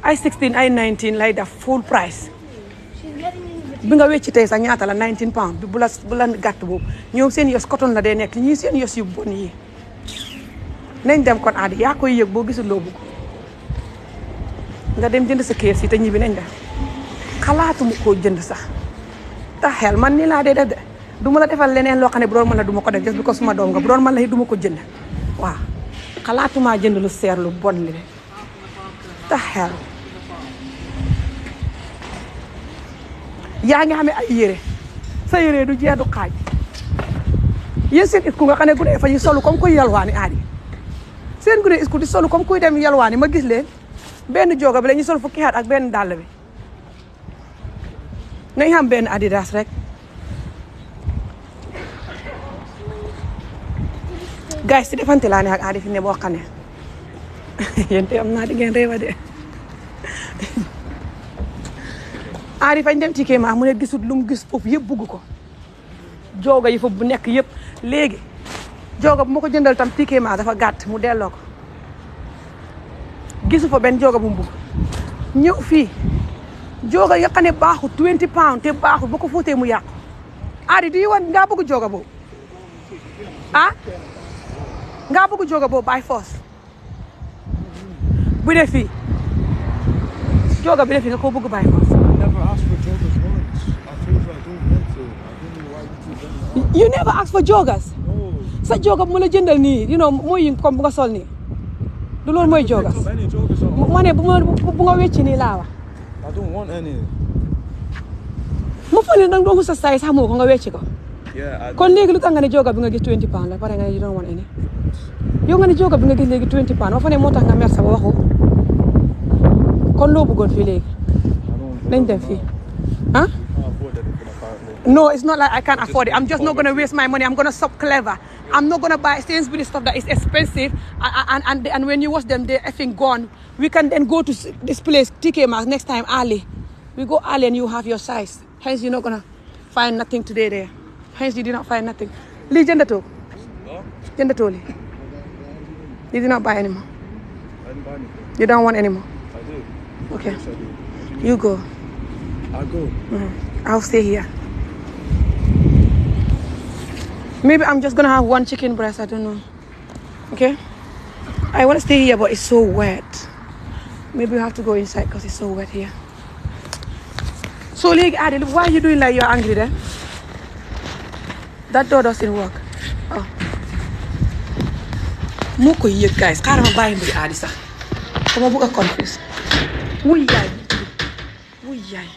ay 16 ay 19 lay def full price bi nga wecci tey sax ñaata la 19 pounds bu la bu la gàtt boobu ñoom seen yos coton la day nekk ñii seen yos yu bon yi nañ dem kon aadi yaa koy yëg boo gisul loo bëgg nga dem jënd sa kees yi te ñibbi nañ def xalaatuma koo jënd sax te xel man nii laa dee def de du ma la defal leneen loo xam ne bu doon mën la du ko def just bi ko suma doom nga bu doon mën la du ma ko jënd waaw xalaatumaa jënd lu seer lu bon li te xel yaa ngi xamee ay yére sa yére du jeex du xaaj yéen seen isku nga xam ne gune fa yi solu comme kuy yalwaani aadi seen gune isku di solu comme kuy dem yalwaani ma gis leen benn jooga bi la ñu sol fukki xaat ak benn dàll bi nañ xam benn adidas rek gars si defante laa ne ak aadi fi ne boo xam ne yéen te am naa di ngeen de Henri fañ dem ci Kéema mu ne gisul lu mu gis foofu yëpp bugg ko jooga yi foofu bu nekk yëpp léegi jooga bu ma ko jëndal tam ci Kéema dafa gàtt mu delloo ko gisu fa benn jooga bu mu bugg ñëw fii jooga yoo xam ne baaxul 20 pounds te baaxul ba ko fóotee mu yàqu Henri di wan ngaa bëgg jooga boobu ah ngaa bëgg jooga boobu by bu dee fii jooga bi dee fii nga koo bëgg bàyyi you never ask for joggers hmm. sa joga bu ma la nii you know mooy comme bu nga sol nii du loolu mooy jogas ma ne bu ma bu wecci nii laa wax ma foog ne danga doon sa saay sax moo ko nga wecci ko kon léegi lu tax nga ne joga bi nga gis 20 pounds la pare nga ne you don't want any yow nga ne joga bi nga gis léegi 20 pounds ma moo tax nga mersa sa ba waxu kon loo bëggoon fii léegi nañ dem fii ah? No, it's not like I can't afford it. I'm just not going to waste my money. I'm going to stop clever. I'm not going to buy Sainsbury stuff that is expensive. And, and, and when you watch them, they're effing gone. We can then go to this place, TK Maxx, next time, Ali. We go Ali and you have your size. Hence, you're not going to find nothing today there. Hence, you did not find nothing. Lee, gender to? Gender to, Lee. You did not buy anymore. I didn't buy anything. You don't want anymore? I do. Okay. I do. You go. I'll go. Mm. I'll stay here. Maybe I'm just gonna one chicken breast. I don't know. Okay. I want to stay here, but it's so wet. Maybe we have to go inside because it's so wet here. So, like, Adil, why are you doing like you're angry then? That door doesn't work. Oh. guys xaaral ma bàyyi mbir aadi sax dama bëgg a confuse wuy yaay wuy yaay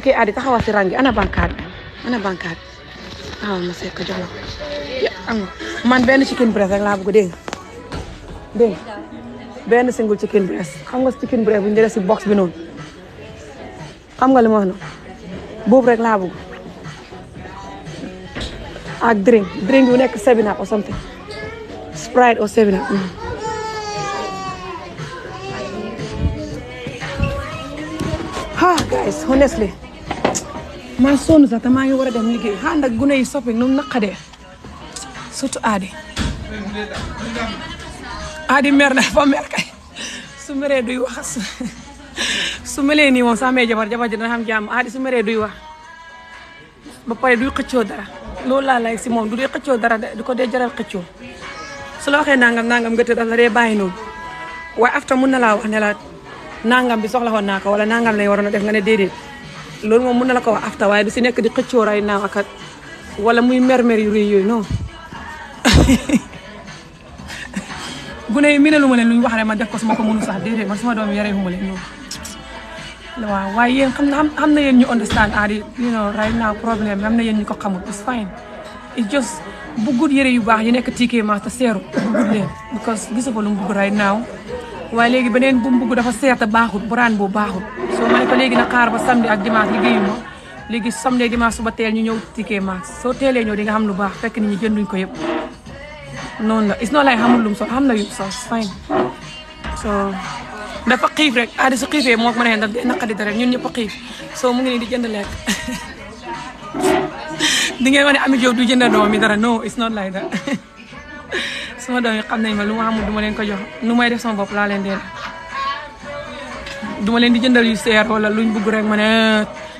ok aadi taxawal si rang ana bankaat bi ana bankaat bi Ah, xaw man benn chicken breast rek laa bëgg dégg benn single chicken breast xam nga chicken breast bu ñu jëlee si box bi noonu xam nga li ma wax noonu rek laa bëgg ak drink drink bu nekk seven up or something sprite or seven up ah honestly maa sonn sax te maa ngi war a dem liggéey xaaral nag gune yi soppi nu mu naqadee aadi aadi mer na fa mer kay su meree duy wax su melee nii woon sax mee jabar jabar ji dana xam jàmm aadi su meree duy wax ba pare duy xëccoo dara loolu laa si moom du dee xëccoo dara du ko dee jaral xëccoo su la waxee nangam nangam nga tëdd daf dee bàyyi noonu waaye afta mun na laa wax ne nangam bi soxla woon naa ko wala nangam lay waroon na def nga ne déedéet loolu moom mën na la ko wax afta waaye du si nekk di xëccoo ray naaw ak wala muy mermer yu rëy yooyu non gune yi miinalu leen lu ñu wax rek ma def ko su ma ko mënu sax déedéet man suma doom yaree wu leen noonu waaw waaye yéen xam na xam na yéen ñu understand aadi ah, you know right now problème am na yéen ñu ko xamul it's fine it's just bu gudd yëre yu baax yi nekk TK Maxx te seeru bu gudd leen because gisu ko lu bugg right now waaye léegi beneen bu mu dafa seer te bu raan bu baaxut soo ma ne ko léegi na xaar ba samedi ak dimanche liggéeyuma léegi samedi ak dimanche suba teel ñu ñëw tikkee max soo teelee ñëw di nga xam lu baax fekk nit ñi jënduñ ko yëpp noonu la is noo lay xamul lum so xam na yëpp so fine so dafa xiif rek aada ah, su moo ko mën a daf dee ñun ñëpp a soo mu ngi nii di jënd lekk di ngeen wax ne Amie Jobe du jënd doom mi dara no it's not like that sama doom yi xam nañ ma lu ma amul du ma leen ko jox nu may def sama bopp laa leen dee duma leen di jëndal yu seer wala lu bëgg rek ma ne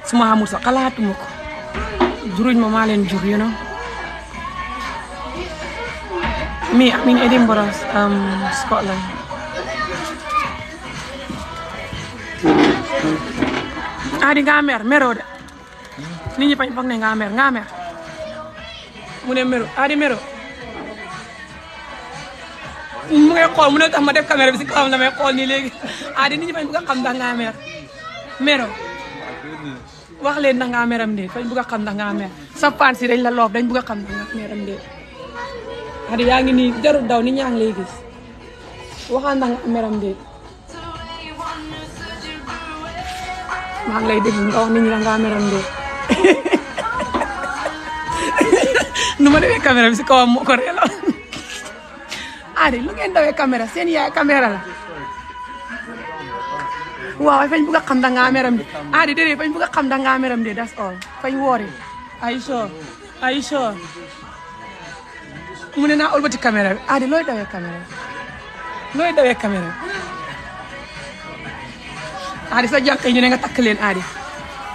su ma amul sax xalaatuma ko juruñ ma maa leen jur you know me I'm in Edinburgh um, Scotland ah nga mer meroo de nit ñi pañ foog ne nga mer nga mer mu ne meroo ah mu ngay xool mu ne tax def caméra bi si kawam damay xool nii léegi ah di ñi fañ bëgg a xam ndax ngaa mer mero wax leen ndax ngaa meram fañ bëgg a xam ndax ngaa mer sa dañ la loof dañ bëgg a xam ndax ngaa meram dee Xadi ni ñaa ngi lay gis waxaan maa ngi lay dégg nga wax nit ñi da ngaa meram nu ma defee caméra bi si kawam moo Ari lu ngeen dawee caméra seen yaay caméra la waaw fañ bugg a xam da ngaa meram de Ari déedéet fañ bugg a xam da ngaa meram de that's all fañ woori ay soo ay soo mu ne naa olbati caméra bi Ari looy dawee caméra looy sa jànq yi ñu nga takk leen Ari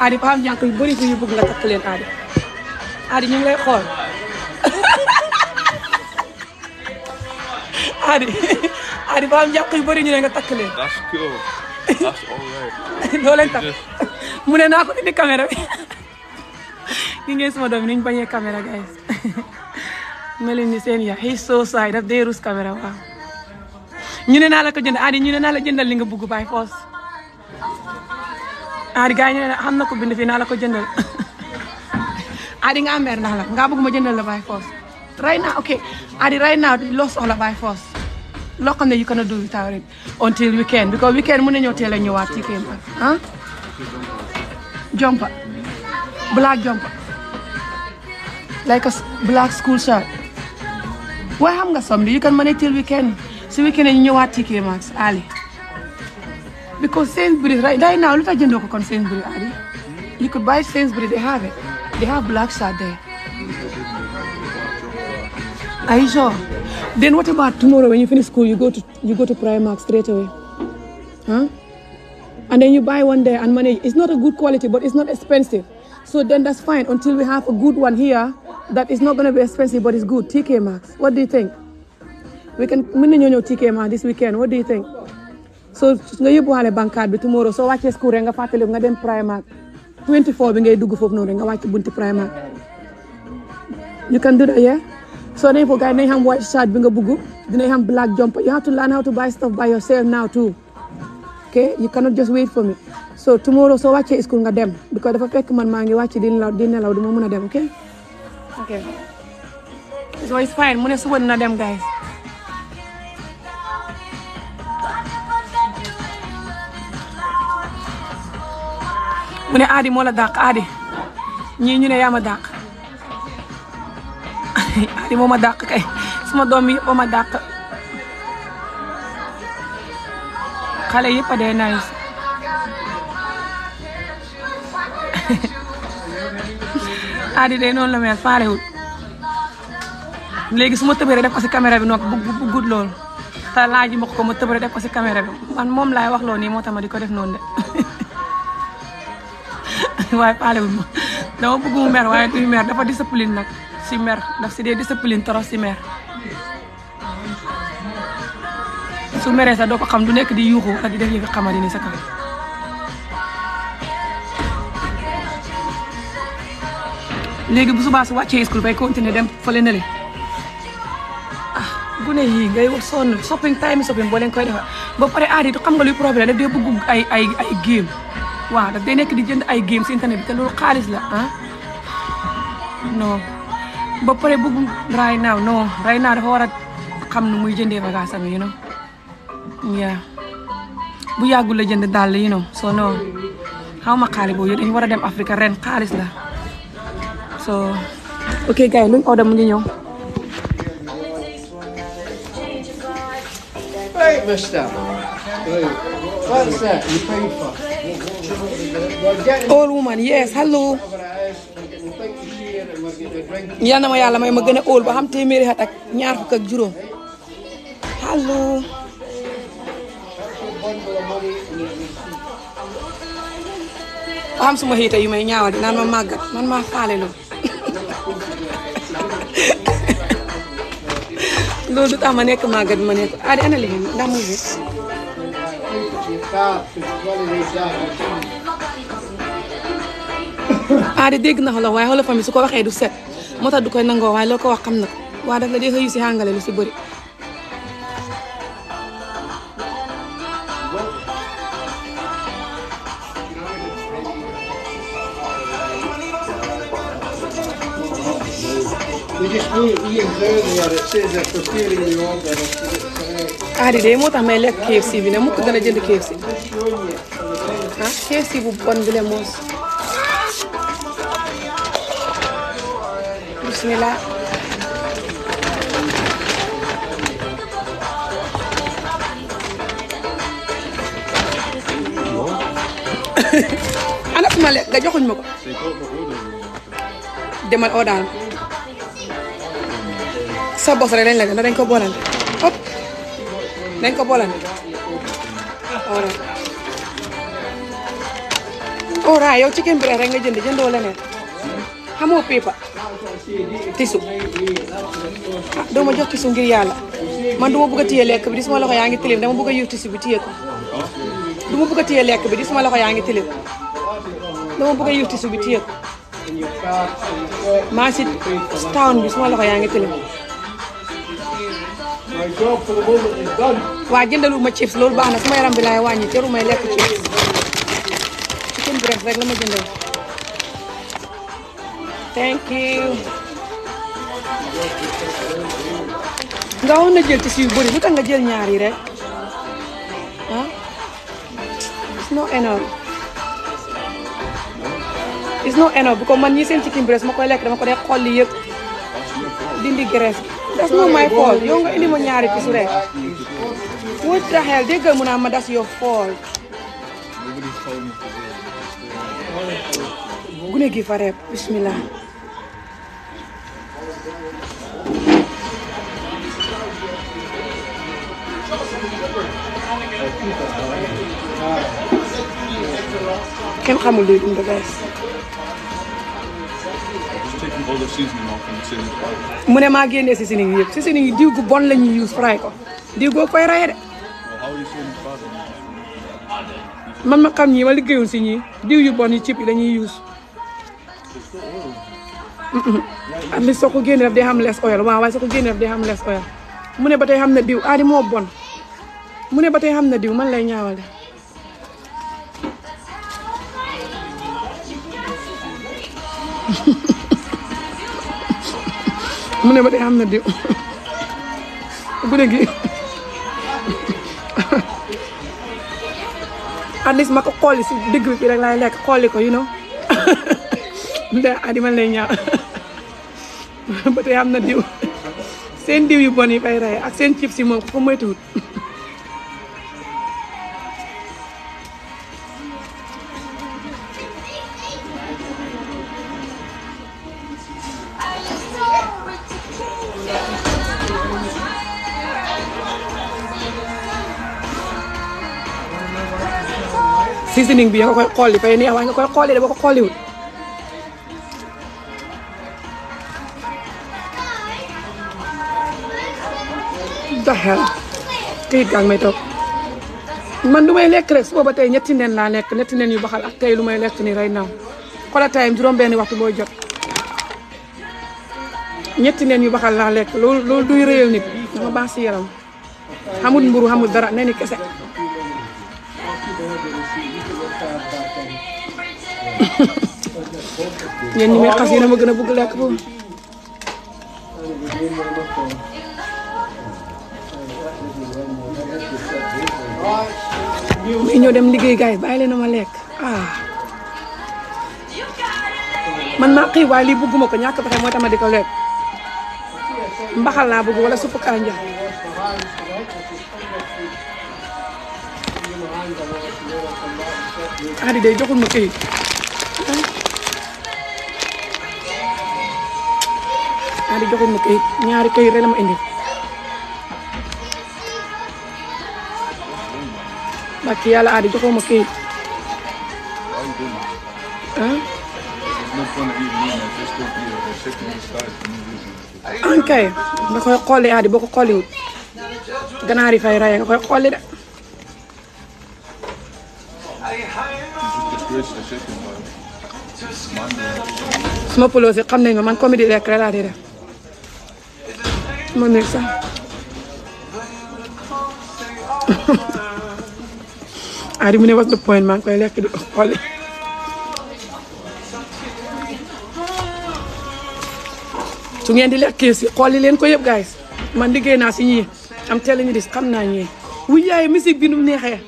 Ari ba xam jànq yu bëri fi nga takk leen Ari ñu ngi lay xool Hadi Hadi ba am jàq yu bëri ñu ne nga takk leen. that's cool mu ne naa ko indi caméra bi. ni ngeen sama doom niñ bañee caméra guys mel ni seen ya he's so shy daf dee rus caméra waaw. ñu ne naa la ko jënd Adi ñu ne naa la jëndal li nga bugg by force. Adi gars ñu ne na ko bind naa la ko jëndal. Adi nga am mer ndax la nga bëgg ma jëndal la by force. right now ok Adi right force. loo xam ne you cannot do without it until weekend because weekend mën nañoo teel a ñëwaat ci Kempa ah. jompa black jompa like a black school shirt waaye xam nga samedi you can manage till weekend si weekend ñu ñëwaat ci K-Max Ali because Sainsbury's right right now lu tax jëndoo ko kon Sainsbury's Ali you could buy Sainsbury's they have it black shirt there Are you sure? Then what about tomorrow when you finish school, you go to you go to Primark straight away, huh? And then you buy one there and money. It's not a good quality, but it's not expensive. So then that's fine until we have a good one here that is not going to be expensive, but it's good. TK Maxx. What do you think? We ñëw TK Maxx this weekend. What do you think? so nga yóbbuwaale bankaat bi tomorrow soo wàccee school rek nga fàttali nga dem Primark 24 bi ngay dugg foofu noonu rek nga wàcc bunti Primark So then for guy nay ham white shirt binga bugu, dinay ham black jumper. You have to learn how to buy stuff by yourself now too. Okay, you cannot just wait for me. So tomorrow so watch is kunga dem because dafa fekk man maa ngi wàcc di nelaw di nelaw a dem, okay? So Mu ne suba dem guys. mu ne aadi moo la dàq aadi ñii ñu ne yaa ma aadi moo dàq kay suma doom yi a ma dàq xale yëpp a dee nice noon day noonu la mel léegi su ma tëbëree def ko si caméra bi noog bu bu gudd loolu te laaj ma ko ma tëbëree def ko si caméra bi man moom laay wax loo nii moo tax ma di ko def noon de waaye faalewul ma dama bëgg mu mer waaye duy mer dafa discipline nag si mer daf si dee discipline trop si mer su meree sax doo ko xam du nekk di yuuxu ak di def yëfi xamadi ni sa kaw léegi bu subaa su wàccee school bay continuer dem fële nele ah gune yi ngay wax sonn shopping time shopping boo leen koy defar ba pare aadi xam nga luy problème daf dee bëgg ay ay ay game waaw daf dee nekk di jënd ay game si internet bi te loolu xaalis la ah non ba pare bëggul right now non right now dafa war a xam nu muy jëndee bagage am you know yeah bu yàggul la jënd dàll you know so non xaw ma xaalis boobu dañu war a dem Afrique ren xaalis la so ok gars yi order mu ngi ñëw Wait, yal na ma yàlla may ma gën a óol ba xam téeméeri at ak ñaar fukk ak juróom allo. ba xam suma xiita yu may ñaawal naan ma màggat man maa faale loolu du tax ma nekk màggat ma nekk adi ana lii ndax muy bi aadi dégg na xolof waaye xolofam bi su ko waxee du set moo tax du koy nangoo waaye loo ko wax xam na ko waa daf la dee xëyu si xàngale lu si bëri
aadi de moo ta may lekk KFC bi na mu ko gën a jënd KFC
ah KFC bu bon bi le moos bismillah ana ma lekk nga joxuñ ma ko demal oo sa bos rek lañ la na dañ ko boolal hop dañ ko boolal ora yow chicken bi rek nga jënd jëndoo leneen xamoo pipa tisu ah doo ma jox tisu ngir yàlla man du ma bëgg a téye lekk bi di suma loxo yaa ngi tilim dama bëgg a yor bi téye ko du ma bëgg lekk bi di suma loxo yaa ngi tilim dama bëgg a yor tisu bi téye ko maa si town bi suma loxo yaa tilim waa jëndalu ma chips loolu baax na suma yaram bi laay wàññi teru may lekk chips chicken breast rek la ma jëndal thank you nga woon na jël ci yu bëri lu tax nga jël ñaar yi rek ah it's not enough it's not enough bu ko man ñi seen chicken breast ma koy lekk dama ko dee xolli yëpp dindi graisse that's not my fault yow nga indi ma ñaari pisu rek what the hell déggal mu naa ma that's your fault gune gi fa rek bismillah kenn xamul luy dund guys. mu ne maa génnee si seasoning yëpp seasoning yi diw gu bon la ñuy use fry ko diw goo koy raye de. man ma xam ñii ma liggéeyul si ñii diw yu bon yi ci yi la ñuy use. am least soo ko génnee daf day xam less oil waaw soo ko génnee daf day xam less oil mu ne ba tey xam ne diw aadi ah, moo bon. mu ne ba te xam na diw man lay ñaawale mu ne ba tey xam na diw gi at least ma ko xooli si digg bi rek laay lekk xooli ko you know da adi man lay ñaaw ba tey xam na diw seen diw yu bon yi fay rey ak seen cib si moom ko moytuwut seasoning bi nga koy xolli fay neex waaye nga koy xolli da ba ko xolliwut daxel këyit gaa may toog man lu may lekk rek suba ba tey ñetti nen naa lekk ñetti nen yu baxal ak tey lu may lekk nii right now xoolal time juróom-benni waxtu booy jot ñetti nen yu baxal naa lekk loolu loolu duy réyal nit dama baax si yaram xamul mburu xamul dara neni kese yéen ñi may xas yéen a ma gën a bëgg lekk boobu. muy ñëw dem liggéey gars yi bàyyi leen ma lekk ah man maa xëy waaye lii bëgguma ko ñàkk fexe moo tax ma di ko lekk mbaxal laa bëgg wala suppu kanja Adi day joxul ma këyit bi joxuñu kayit ñaari kayit rek ma indi barki yàlla aadi joxuma kayit an ah, kay nga koy xooli aadi boo ko xooliwut ganaar yi fay raye nga koy xooli de suma puloo xam nañ ma man comédie lekk rek laa di ma nekk sax Ari mu ne was the point maa ngi koy lekk di ko xool su ngeen di lekkee si xooli leen ko yëpp guys man liggéey naa si ñii am teel ñu dis naa ñii wuy yaay musique bi nu neexee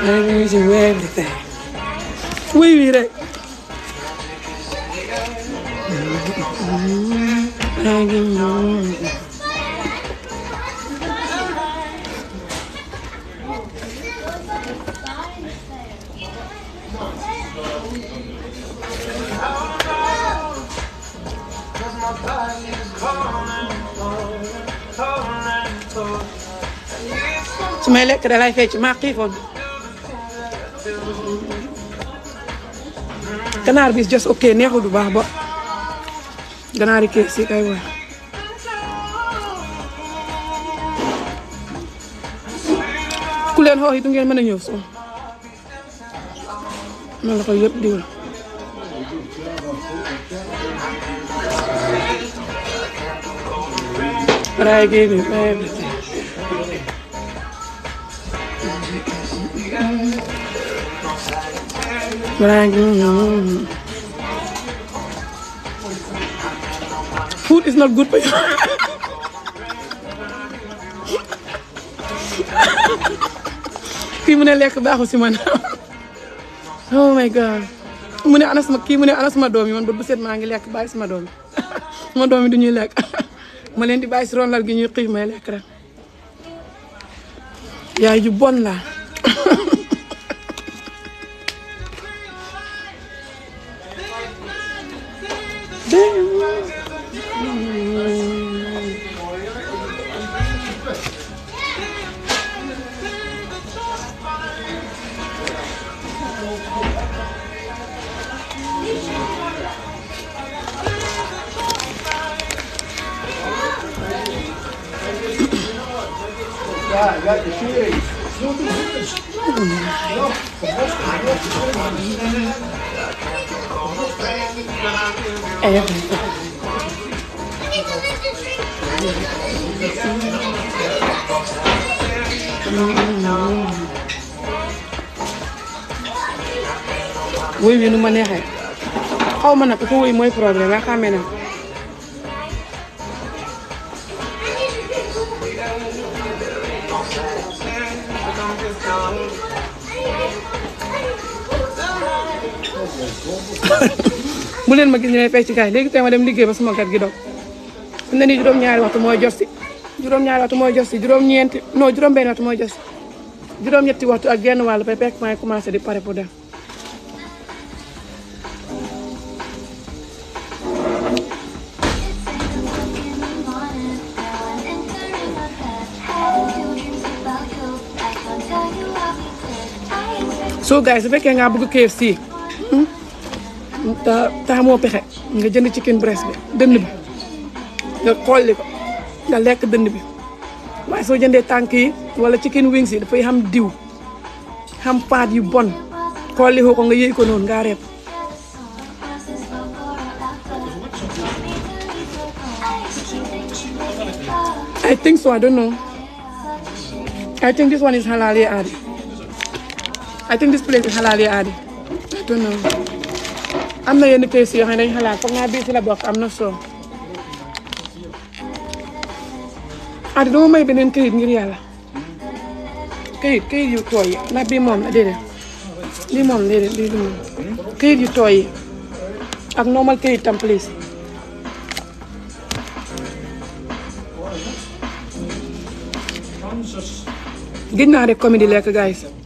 I need you everything. Wii wii rek. su may lekk da lay fecc maa xiifoon ganaar bi just ok neexul bu baax ba ganaar yi kees yi ku leen xoox yi du ngeen mën a ñëw soo ma la yëpp diwul raay génn raay bi Food is not kii mu ne lekk baaxu si man oh my god mu ne ana sama kii mu ne ana sama doom yi man ba bu set maa ngi lekk bàyyi sama doom yi sama doom yi du ñuy lekk ma leen di bàyyi si ron lal gi ñuy xiif may lekk rek yaay ju bon laa mooy problème la xàmme na bu leen ma gis ñu ne fecc kaay léegi tey ma dem liggéey ba sama gat gi dog fi ne nii juróom-ñaari waxtu mooy jot si juróom-ñaari waxtu mooy jot si juróom-ñeenti non juróom-benn waxtu mooy jot juróom-ñetti waxtu ak genn wàll ba fekk may commencé di pare pour dem. soo gars yi fekkee ngaa bugg KFC hmm? taa moo pexe nga jënd chicken breast bi dënn bi nga xolli ko nga lekk dënn bi waaye soo jëndee tànk yi wala chicken wings yi dafay xam diw xam paat yu bon xolli ko nga yëy ko noonu ngaa reeb I think so, I don't know. I think this one is halal, yeah, Adi. I think this place is halal ya aadi I don't know am na yenn place yoo xam ne dañu halal foog naa bii si la bokk am na soo aadi dama may beneen këyit ngir yàlla këyit këyit yu tooy yi ndax bii moom la déedéet lii moom la déedéet lii moom këyit yu tooy yi ak normal këyit tam please gis naa rek comédie lekk gars yi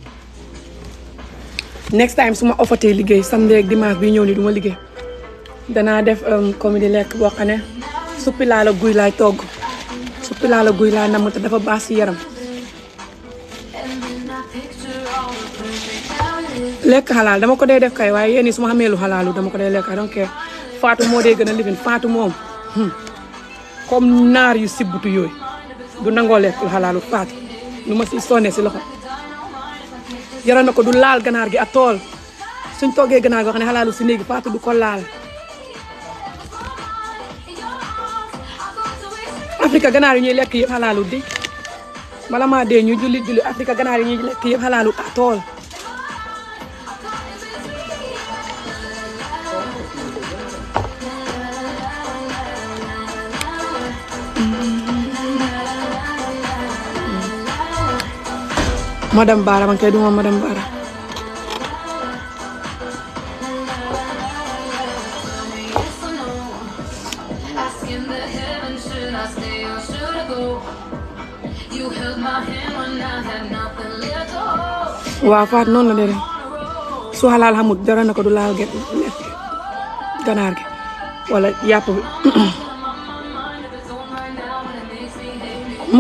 next time su ma ofatee liggéey samedi ak dimanche bi ñëw ni du ma liggéey danaa def um, comédie lekk boo xam ne suppi laa la guy laay togg suppi laa la guy laay namm te dafa baax si yaram lekk xalaal dama ko dee def kay waaye yéen suma su ma xamee lu xalaalu dama ko dee lekk donc Fatou moo dee gën a lifin Fatou moom hmm. comme naar yu sibbutu yooyu du nangoo lekk lu xalaalu Fatou lu si sonne si loxo yore na ko du laal ganaar gi ak tool suñ toggee ganaar goo xam ne xalaalu si néegi Fatou du ko laal Afrique ganaar yi ñuy lekk yëpp xalaalu di bala maa dee ñu julli julli Afrique ganaar yi ñu lekk yëpp xalaalu ak tool madame Baara man kay du ma madame Baara. waaw noonu la dere su xalaal xamut dara ko du laal gerte ganaar gi wala yàpp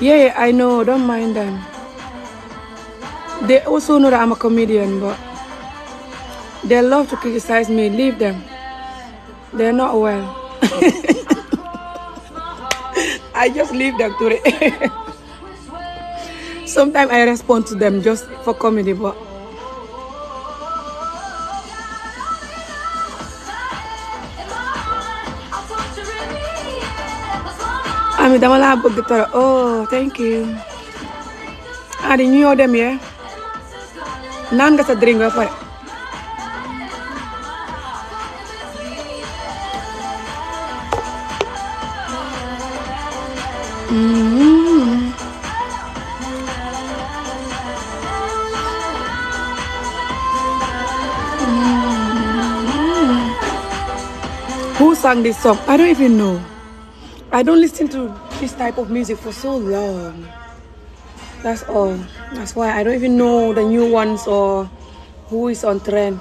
Yeah, I know. Don't mind them. They also know that I'm a comedian, but they love to criticize me. Leave them. They're not well. I just leave them to Sometimes I respond to them just for comedy, ami dama laa bëgg toro oh thank you Adi ñu ñoo dem yee naan nga sa drink ba mm-hmm. Mm-hmm. Who sang this song? I don't even know. I don't listen to this type of music for so long. That's all. That's why I don't even know the new ones or who is on trend.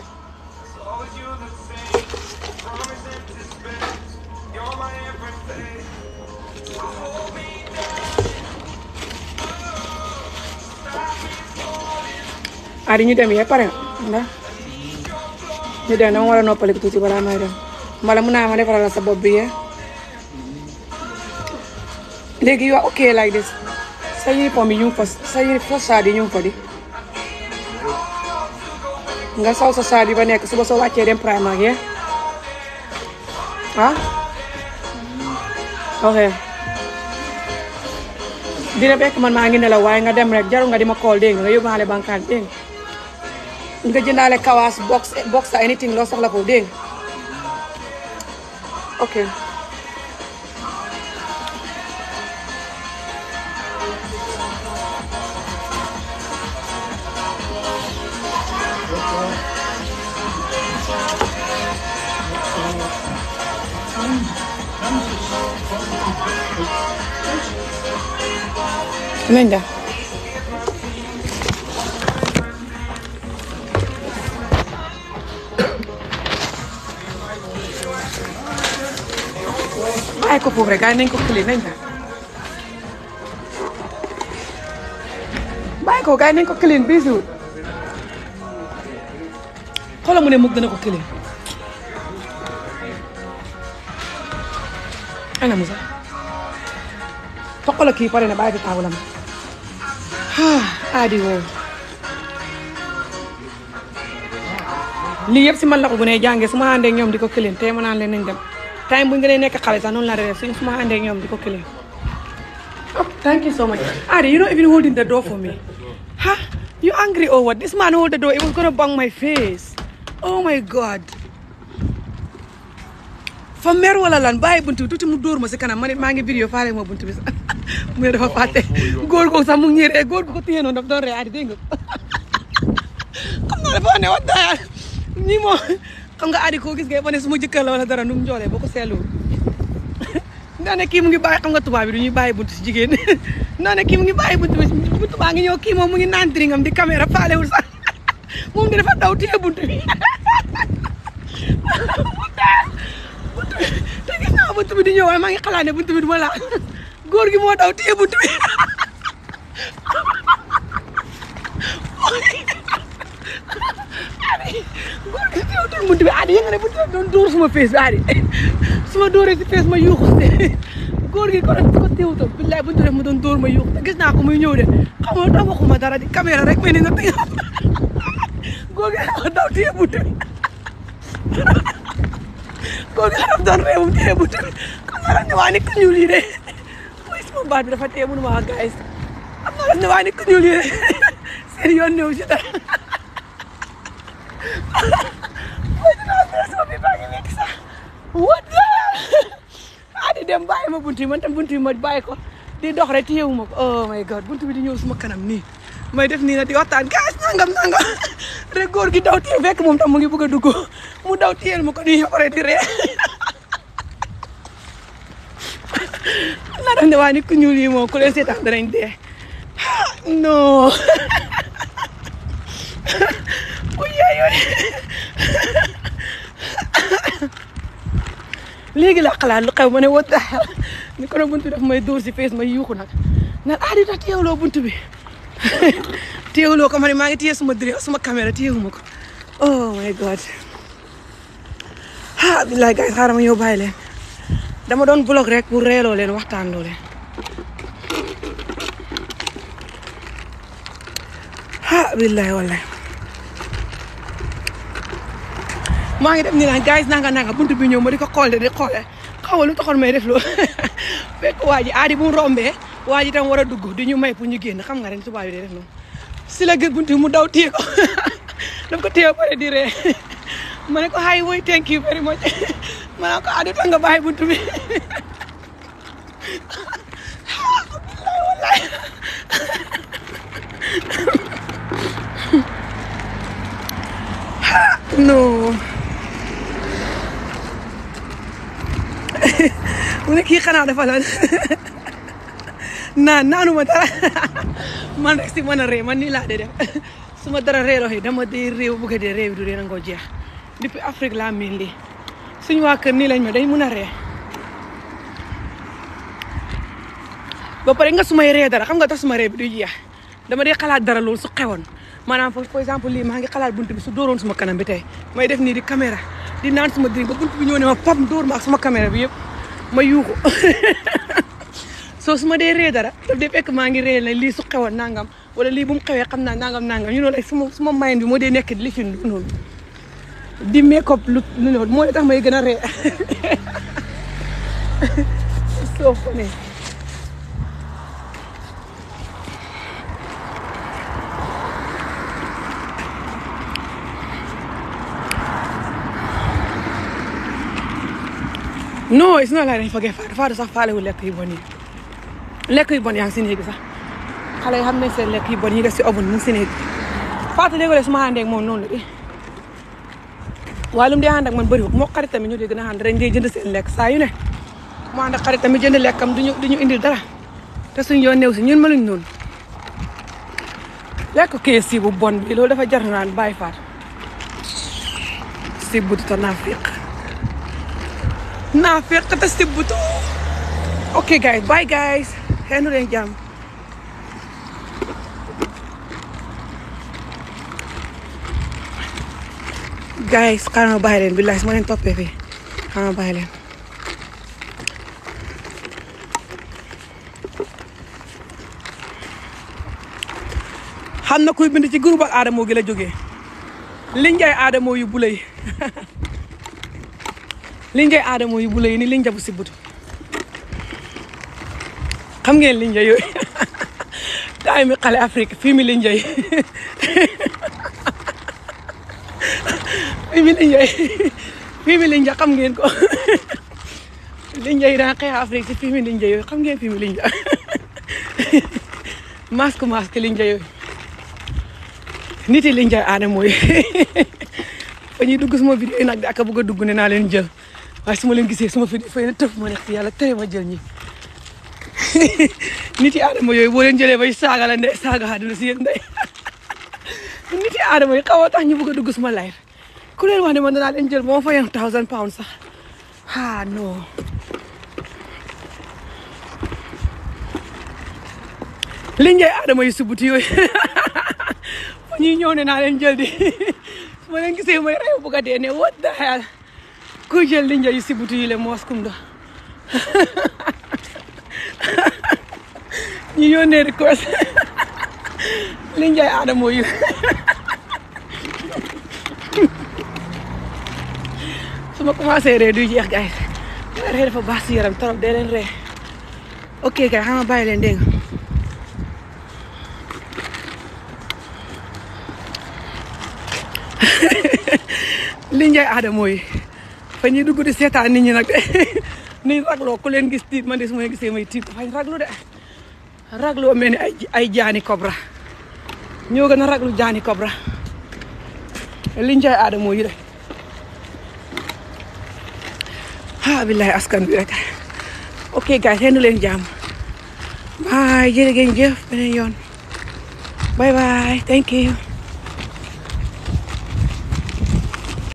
ari ñu dem yee eh, pare ndax ñu dem dama war a noppaliku tuuti balaa may dem mbala mun naa ma la sa bopp bi yee léegi yow are okay like this. Sa uniform yung first, sa first sadi yung pwede. Nga sa sa sadi ba nek suba sa wacce dem primary ya? Eh? Ah? Ha? Okay. Dina bek man maa ngi nelaw waaye nga dem rek jaru nga di ma call dégg nga yóbbaale bankaan dégg nga jëndaale kawaas box box anything loo soxla ko dégg Okay. Linda. Ay ko foofu rek gars yi nañ ko këlee nañ ko. bàyyi ko gars yi nañ bii si wut. mu ne moom dana ko këlee. ana Moussa. toqala kii pare na bàyyi ko taawalam. aadiwoo ah, lii yëpp si man la ko gune jàngee su ma àndee ñoom di ko këleen tey ma naan nañ dem time bu ñu gënee nekk xale sax noonu la ma àndee ñoom di ko këleen oh thank you so much Adi you know even holding the door for me ha you angry or this man hold the door it was gonna bang my face oh my god fa mer wala lan bàyyi bunt bi mu dóor ma si kana ma ne maa ngi vidéo faale ma bunt bi sax mu ne dafa fàtte góor googu sax mu ngi ñëwee góor gu ko téye noonu daf doon rey aadi dégg nga xam naa dafa ne wa daal ñii xam nga aadi gis nga ba ne su ma jëkkër la dara nu mu njoolee boo ko ne kii mu ngi bàyyi xam nga tubaab bi du ñuy bàyyi bunt si jigéen naa ne kii mu ngi bàyyi bunt ngi ñëw kii moom mu ngi naan diringam di caméra faalewul sax moom di dafa daw téye bunt bi te naa bunt bi di ñëw maa ngi xalaat ne bunt bi du ma laal góor gi moo daw téye bunt bi góor gi téye dul bunt bi aadi ne bunt bi doon dóor suma fees bi aadi suma dóoree si fees ma yuuxu góor ko ko téewutoon billaay buñ def mu doon dóor ma yuuxu gis naa ko muy ñëw de xam nga tax waxuma dara di caméra rek mel ni na tëj daw téye bunt kon garab doon réewum teebu kon maram ne waa ni ku ñuul yire mooy sama baat bi dafa tee mënu ma gaay am maram ne waa ni ku ñuul yire seen ci dara mooy dinaa bi baa ngi nekk sax wat di dem bàyyi ma buntu yi man tam buntu yi ma bàyyi ko di dox rek téyewu ma ko oh my god buntu bi di ñëw suma kanam nii may def nii na di waxtaan gaas nangam nangam rek góor gi daw téye fekk moom tam mu ngi bugg a dugg mu daw téyel ma ko di yore di ree laa dam de waa nit ku ñuul yi moom ku leen seetaan danañ dee non u yaay yooy léegi lu xew ma ne what ni ko buntu bi daf may dóor si fees may yuuxu nag naan ah di tax teewloo buntu téewuloo ko ma ne maa ngi téye suma dre suma caméra téyewuma ko oh my god ah billaay gars xaaral ma ñëw bàyyi dama doon vlog rek pour reeloo leen waxtaan loo leen ah billaay wallaay maa ngi def ni naan gars nanga nanga buntu bi ñëw ma di ko xool de di xoole xaw lu taxoon may def loo fekk waa ji aadi bu mu rombee tam war a dugg di ñu may pour ñu génn xam nga ren bi day def si la gis buntu mu daw téye ko daf ko téye pare di ree ko hay thank you very much ma ko adu ah, nga bàyyi buntu bi billaay wallaay non kii xanaa dafa lan naan naanu ma dara man rek si mën a réew man nii laa dee def su ma dara réeroo dama dee réew bu ko dee réew du réer ngoo jeex depuis Afrique laa miin lii suñu waa kër nii lañ ma day mun a ree ba pare nga su may ree dara xam nga tax su ma ree bi jeex dama dee xalaat dara loolu su xewoon maanaam foofu par exemple lii maa ngi xalaat bunt bi su dóoroon suma kanam bi tey may def nii di caméra di naan suma drink ba bunt bi ñëw ma pam dóor ma ak suma caméra bi yëpp ma yuuxu soo su ma dee ree dara daf dee fekk maa ngi ree la lii su xewoon nangam wala lii bu mu xewee xam naa nangam nangam ñu noonu ay suma suma mayin bi moo dee nekk li fi noonu di tax may gën a ree soo ko ne non lekk yi lekk yi bon yaa ngi si néeg bi sax xale yi xam nañ seen lekk yu bon yi def si oven mu ngi si néeg bi Fatou léegi su ma àndee ak moom noonu la waaye lu mu dee ànd man bëriwul moo xarit tamit ñu dee gën a ànd rek ngay jënd seen lekk saa yu ne mu ànd ak xarit tamit jënd lekkam duñu duñu indil dara te suñu yoon néew si ñun mënuñ noonu lekk kii si bu bon bi loolu dafa jar naan bay faat si bututa naa ok guys bye guys xeenu leen jàmm guys xaaral na kuy bind ci groupe ak aadamoo gi la jógee liñ jaay aadamoo yu bula yi liñ jaay aadamoo yu bula ni liñ jabu si xam ngeen linja yooyu taay mi xale Afrique fii mi linja yi fii mi linja yi fii mi linja xam ngeen ko linja yi daan xeex Afrique si fii mi linja yooyu xam ngeen fii mi linja masque masque linja yooyu nit yi linja aadama mooy fa ñuy dugg suma vidéo yi nag di ak a bëgg a dugg ne naa leen jël waaye su leen gisee suma vidéo fay na tëf ma neex si yàlla tere ma jël ñi nit yi aadama yooyu boo leen jëlee bay saaga la ndey saaga àdduna si yéen ndey nit yi aadama yi xaw a tax ñu bëgg a dugg suma live ku leen wax ne man danaa leen jël moo ma fayoon thousand pounds sax ah non li ngay aadama yi subuti yooyu fu ñuy ñëw ne naa leen jël di ma leen gisee may rey bëgg a dee ne what ku jël li ngay subuti yi le moos kum do ñu yónnee request li njaay aadamo yu su ma commencé ree duy jeex gaay ree dafa baax si yaram trop dee leen ree ok kay xama bàyyi leen dégg nga li njaay aadamo yi fa ñuy dugg di seetaan nit ñi nag nuy ragloo ku leen gis tiit man de su ma gisee may tiit dafay raglu de ragloo mel ni ay jaani kobra ñoo gën a raglu jaani kobra liñ jaay aadamoo yi de ah billahi askan bi rek ok guys xëy leen jàmm bye jërë ngeen jëf beneen yoon bye bye thank you